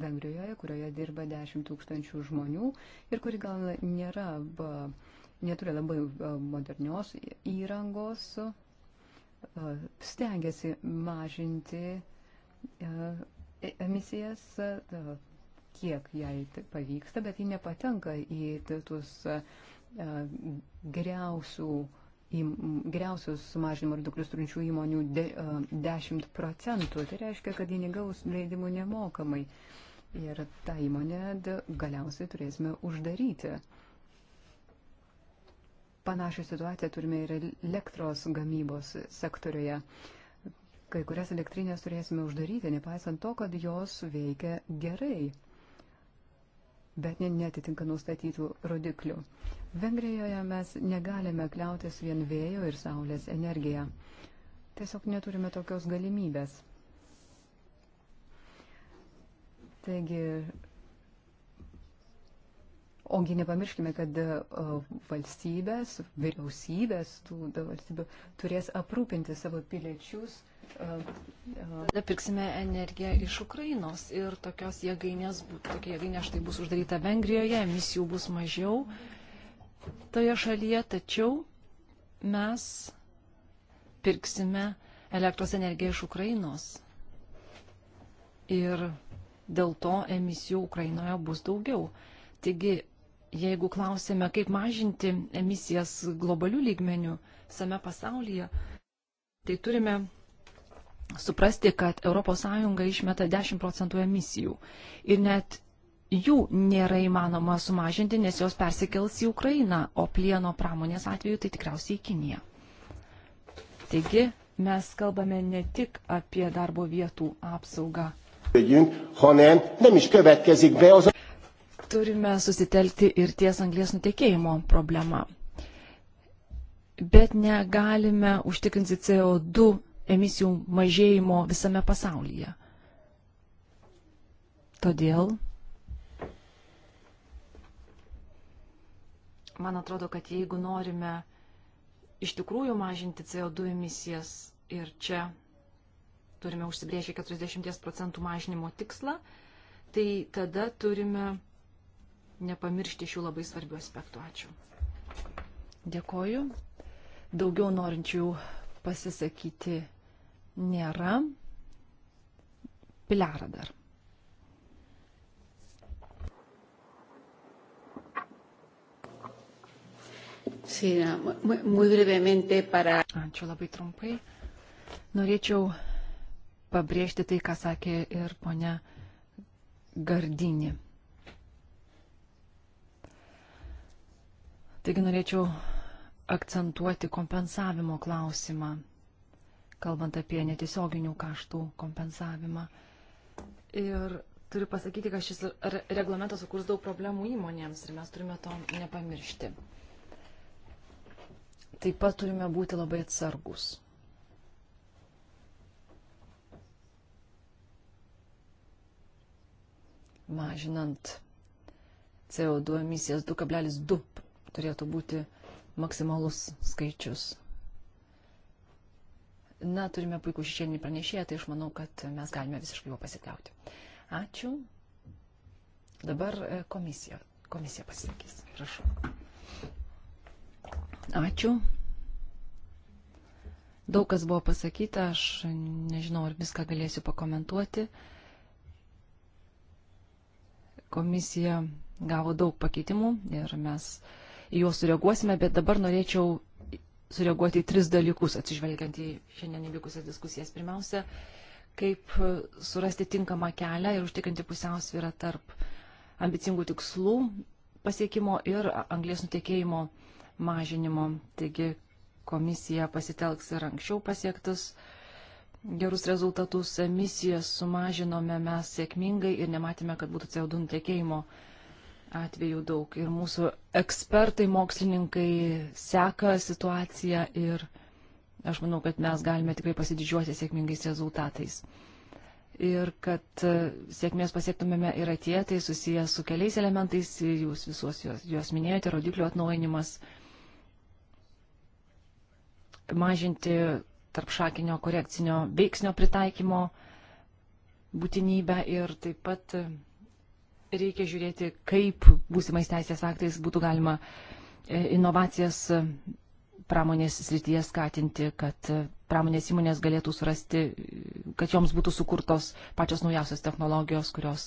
Vengrijoje, kurioje dirba 10 tūkstančių žmonių ir kuri gal nėra, neturi labai modernios įrangos, stengiasi mažinti e, emisijas, kiek jai pavyksta, bet ji nepatenka į tuos geriausių uh, į geriausius sumažinimo rodiklius turinčių įmonių de, uh, e, 10 procentų. Tai reiškia, kad jie negaus leidimų nemokamai. Ir tą įmonę galiausiai turėsime uždaryti. Panašią situaciją turime ir elektros gamybos sektoriuje. Kai kurias elektrinės turėsime uždaryti, nepaisant to, kad jos veikia gerai bet netitinka nustatytų rodiklių. Vengrijoje mes negalime kliautis vien vėjo ir saulės energiją. Tiesiog neturime tokios galimybės. Taigi Ogi nepamirškime, kad e, valstybės, vyriausybės tų valstybių turės aprūpinti savo piliečius. E, e, Tada pirksime energiją iš Ukrainos ir tokios jėgainės, tokia jėgainė štai bus uždaryta Vengrijoje, emisijų bus mažiau toje šalyje, tačiau mes pirksime elektros energiją iš Ukrainos. Ir dėl to emisijų Ukrainoje bus daugiau. Taigi jeigu klausėme, kaip mažinti emisijas globalių lygmenių visame pasaulyje, tai turime suprasti, kad ES išmeta 10 procentų emisijų. Ir net jų nėra įmanoma sumažinti, nes jos persikels į Ukrainą, o plieno pramonės atveju tai tikriausiai į Kiniją. Taigi mes kalbame ne tik apie darbo vietų apsaugą. Ügyünk, hanem nem is következik be az a turime susitelkti ir ties anglės nutekėjimo problema. Bet negalime užtikrinti CO2 emisijų mažėjimo visame pasaulyje. Todėl man atrodo, kad jeigu norime iš tikrųjų mažinti CO2 emisijas ir čia turime užsibrėžę 40 procentų mažinimo tikslą, tai tada turime nepamiršti šių labai svarbių aspektų. Ačiū. Dėkoju. Daugiau norinčių pasisakyti nėra. Piliarą dar. Sí, muy brevemente para. Ačiū labai trumpai. Norėčiau pabrėžti tai, ką sakė ir ponia Gardinė. Taigi norėčiau akcentuoti kompensavimo klausimą, kalbant apie netiesioginių kaštų kompensavimą. Ir turiu pasakyti, kad šis reglamentas sukurs daug problemų įmonėms ir mes turime to nepamiršti. Taip pat turime būti labai atsargus. Mažinant CO2 emisijas 2,2 turėtų būti maksimalus skaičius. Na, turime puikų šešėlinį pranešėją, tai aš manau, kad mes galime visiškai juo pasikliauti. Ačiū. Dabar e, komisija. Komisija pasisakys. Prašau. Ačiū. Daug kas buvo pasakyta, aš nežinau, ar viską galėsiu pakomentuoti. Komisija gavo daug pakeitimų ir mes uh, į juos sureaguosime, bet dabar norėčiau sureaguoti į tris dalykus, atsižvelgiant į šiandien įvykusias diskusijas. Pirmiausia, kaip surasti tinkamą kelią ir užtikrinti pusiausvyrą tarp ambicingų tikslų pasiekimo ir anglės nutekėjimo mažinimo. Taigi komisija pasitelks ir anksčiau pasiektus gerus rezultatus. Emisijas sumažinome mes sėkmingai ir nematėme, kad būtų CO2 nutekėjimo mažinimo atvejų daug ir mūsų ekspertai, mokslininkai seka situaciją ir aš manau, kad mes galime tikrai pasididžiuoti sėkmingais rezultatais. Ir kad e, sėkmės pasiektumėme yra tie, tai susijęs su keliais elementais, jūs visos juos, juos minėjote, rodiklių atnaujinimas, mažinti tarp šakinio korekcinio veiksnio pritaikymo būtinybę ir taip pat reikia žiūrėti, kaip būsimais teisės aktais būtų galima e, inovacijas e, pramonės srityje skatinti, kad e, pramonės įmonės galėtų surasti, kad joms būtų sukurtos pačios naujausios technologijos, kurios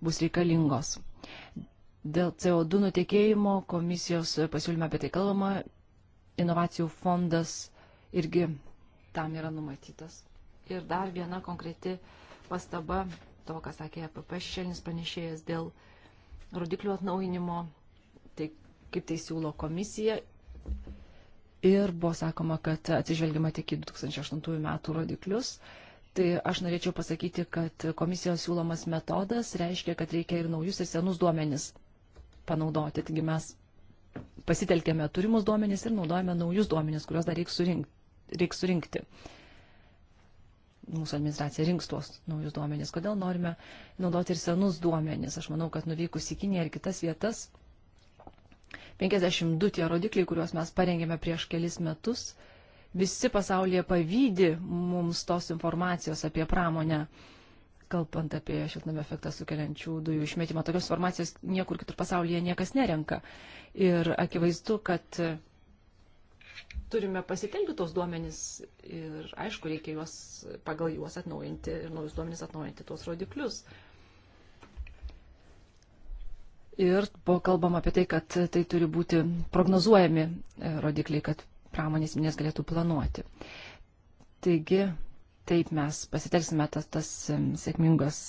bus reikalingos. Dėl CO2 nutekėjimo komisijos pasiūlyme apie tai kalbama, inovacijų fondas irgi tam yra numatytas. Ir dar viena konkreti pastaba to, ką sakė PP šešėlinis pranešėjas dėl rodiklių atnaujinimo, tai kaip tai siūlo komisija. Ir buvo sakoma, kad atsižvelgiama tik į 2008 metų rodiklius. Tai aš norėčiau pasakyti, kad komisijos siūlomas metodas reiškia, kad reikia ir naujus, ir senus duomenis panaudoti. Taigi mes pasitelkėme turimus duomenis ir naudojame naujus duomenis, kuriuos dar reiks surinkti. Reik surinkti mūsų administracija rinks tuos naujus duomenis. Kodėl norime naudoti ir senus duomenis? Aš manau, kad nuvykus į Kiniją ir kitas vietas, 52 tie rodikliai, kuriuos mes parengėme prieš kelis metus, visi pasaulyje pavydi mums tos informacijos apie pramonę, kalbant apie šiltnamio efektą sukeliančių dujų išmetimą. Tokios informacijos niekur kitur pasaulyje niekas nerenka. Ir akivaizdu, kad turime pasitelkti tos duomenys ir, aišku, reikia juos, pagal juos atnaujinti ir naujus duomenys atnaujinti tuos rodiklius. Ir buvo kalbama apie tai, kad tai turi būti prognozuojami e, rodikliai, kad pramonės minės galėtų planuoti. Taigi, taip mes pasitelksime tas, tas sėkmingas,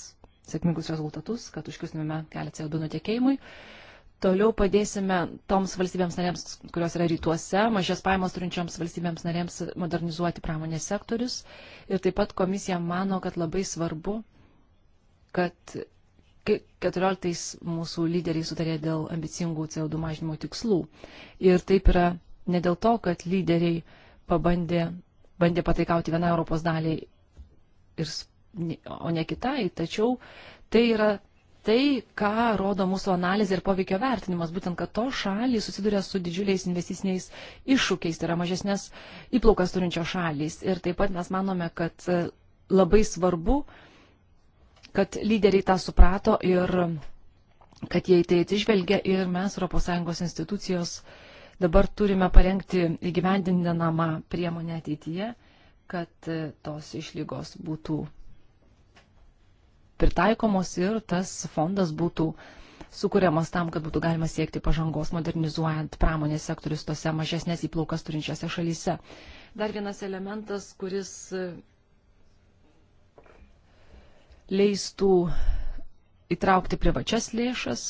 sėkmingus rezultatus, kad užkirstumėme kelią CO2 nutekėjimui. Uh, Toliau padėsime toms valstybėms narėms, kurios yra rytuose, mažės pajamos turinčioms valstybėms narėms modernizuoti pramonės sektorius. Ir taip pat komisija mano, kad labai svarbu, kad 14 mūsų lyderiai sutarė dėl ambicingų CO2 mažinimo tikslų. Ir taip yra ne dėl to, kad lyderiai pabandė, bandė pataikauti vieną Europos dalį, ir, o ne kitai, tačiau tai yra tai, ką rodo mūsų analizė ir poveikio vertinimas, būtent, kad to šaliai susiduria su didžiuliais investiciniais iššūkiais, tai yra mažesnės įplaukas turinčios šalys. Ir taip pat mes manome, kad e, labai svarbu, kad lyderiai tą suprato ir kad jie į tai atsižvelgia ir mes, ES institucijos, dabar turime parengti įgyvendinamą priemonę ateityje, kad e, tos išlygos būtų pritaikomos ir tas fondas būtų sukūriamas tam, kad būtų galima siekti pažangos, modernizuojant pramonės sektorius tose mažesnės įplaukas turinčiose šalyse. Dar vienas elementas, kuris leistų įtraukti privačias lėšas,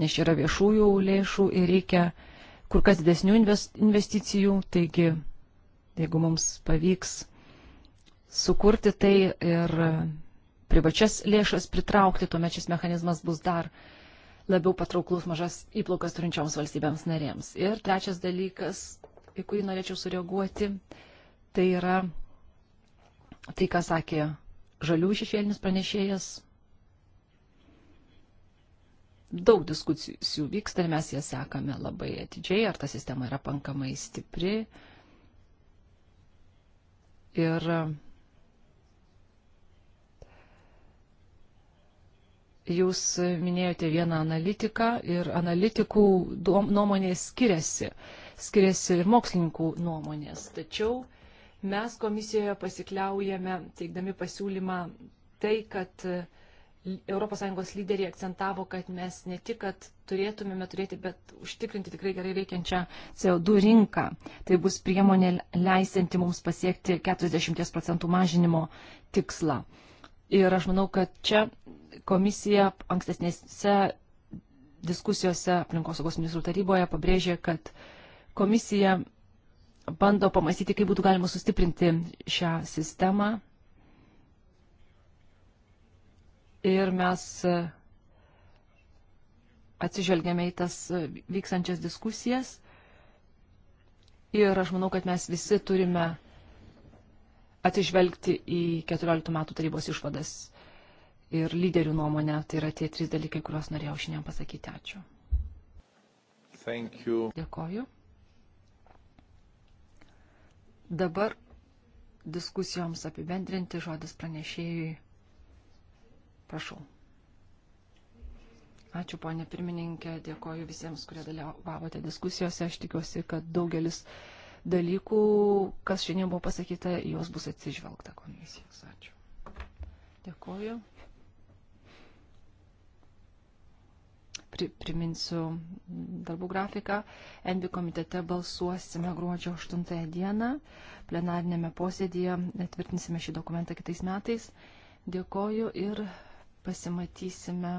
nes čia yra viešųjų lėšų ir reikia kur kas didesnių investicijų, taigi jeigu mums pavyks sukurti tai ir privačias lėšas pritraukti, tuomet šis mechanizmas bus dar labiau patrauklus mažas įplaukas turinčioms valstybėms narėms. Ir trečias dalykas, į kurį norėčiau sureaguoti, tai yra tai, ką sakė žalių šešėlinis pranešėjas. Daug diskusijų vyksta ir mes jas sekame labai atidžiai, ar ta sistema yra pankamai stipri. Ir Jūs minėjote vieną analitiką ir analitikų nuomonės skiriasi. Skiriasi ir mokslininkų nuomonės. Tačiau mes komisijoje pasikliaujame, teikdami pasiūlymą, tai, kad ES lyderiai akcentavo, kad mes ne tik, kad turėtumėme turėti, bet užtikrinti tikrai gerai veikiančią CO2 rinką. Tai bus priemonė leisinti mums pasiekti 40 procentų mažinimo tikslą. Ir aš manau, kad čia komisija ankstesnėse diskusijose aplinkosaugos ministrų taryboje pabrėžė, kad komisija bando pamastyti, kaip būtų galima sustiprinti šią sistemą. Ir mes atsižvelgiame į tas vykstančias diskusijas. Ir aš manau, kad mes visi turime atsižvelgti į 14 metų tarybos išvadas ir lyderių nuomonę. Tai yra tie trys dalykai, kuriuos norėjau šiandien pasakyti. Ačiū. Dėkoju. Dabar diskusijoms apibendrinti žodis pranešėjui. Prašau. Ačiū, ponė pirmininkė, dėkoju visiems, kurie dalyvavote diskusijose. Aš tikiuosi, kad daugelis uh, dalykų, kas šiandien buvo pasakyta, jos bus atsižvelgta komisijos. Ačiū. Dėkuoju. Pri, priminsiu darbų grafiką. Envi komitete balsuosime gruodžio 8 dieną. Plenarinėme posėdėje tvirtinsime šį dokumentą kitais metais. Dėkoju ir pasimatysime.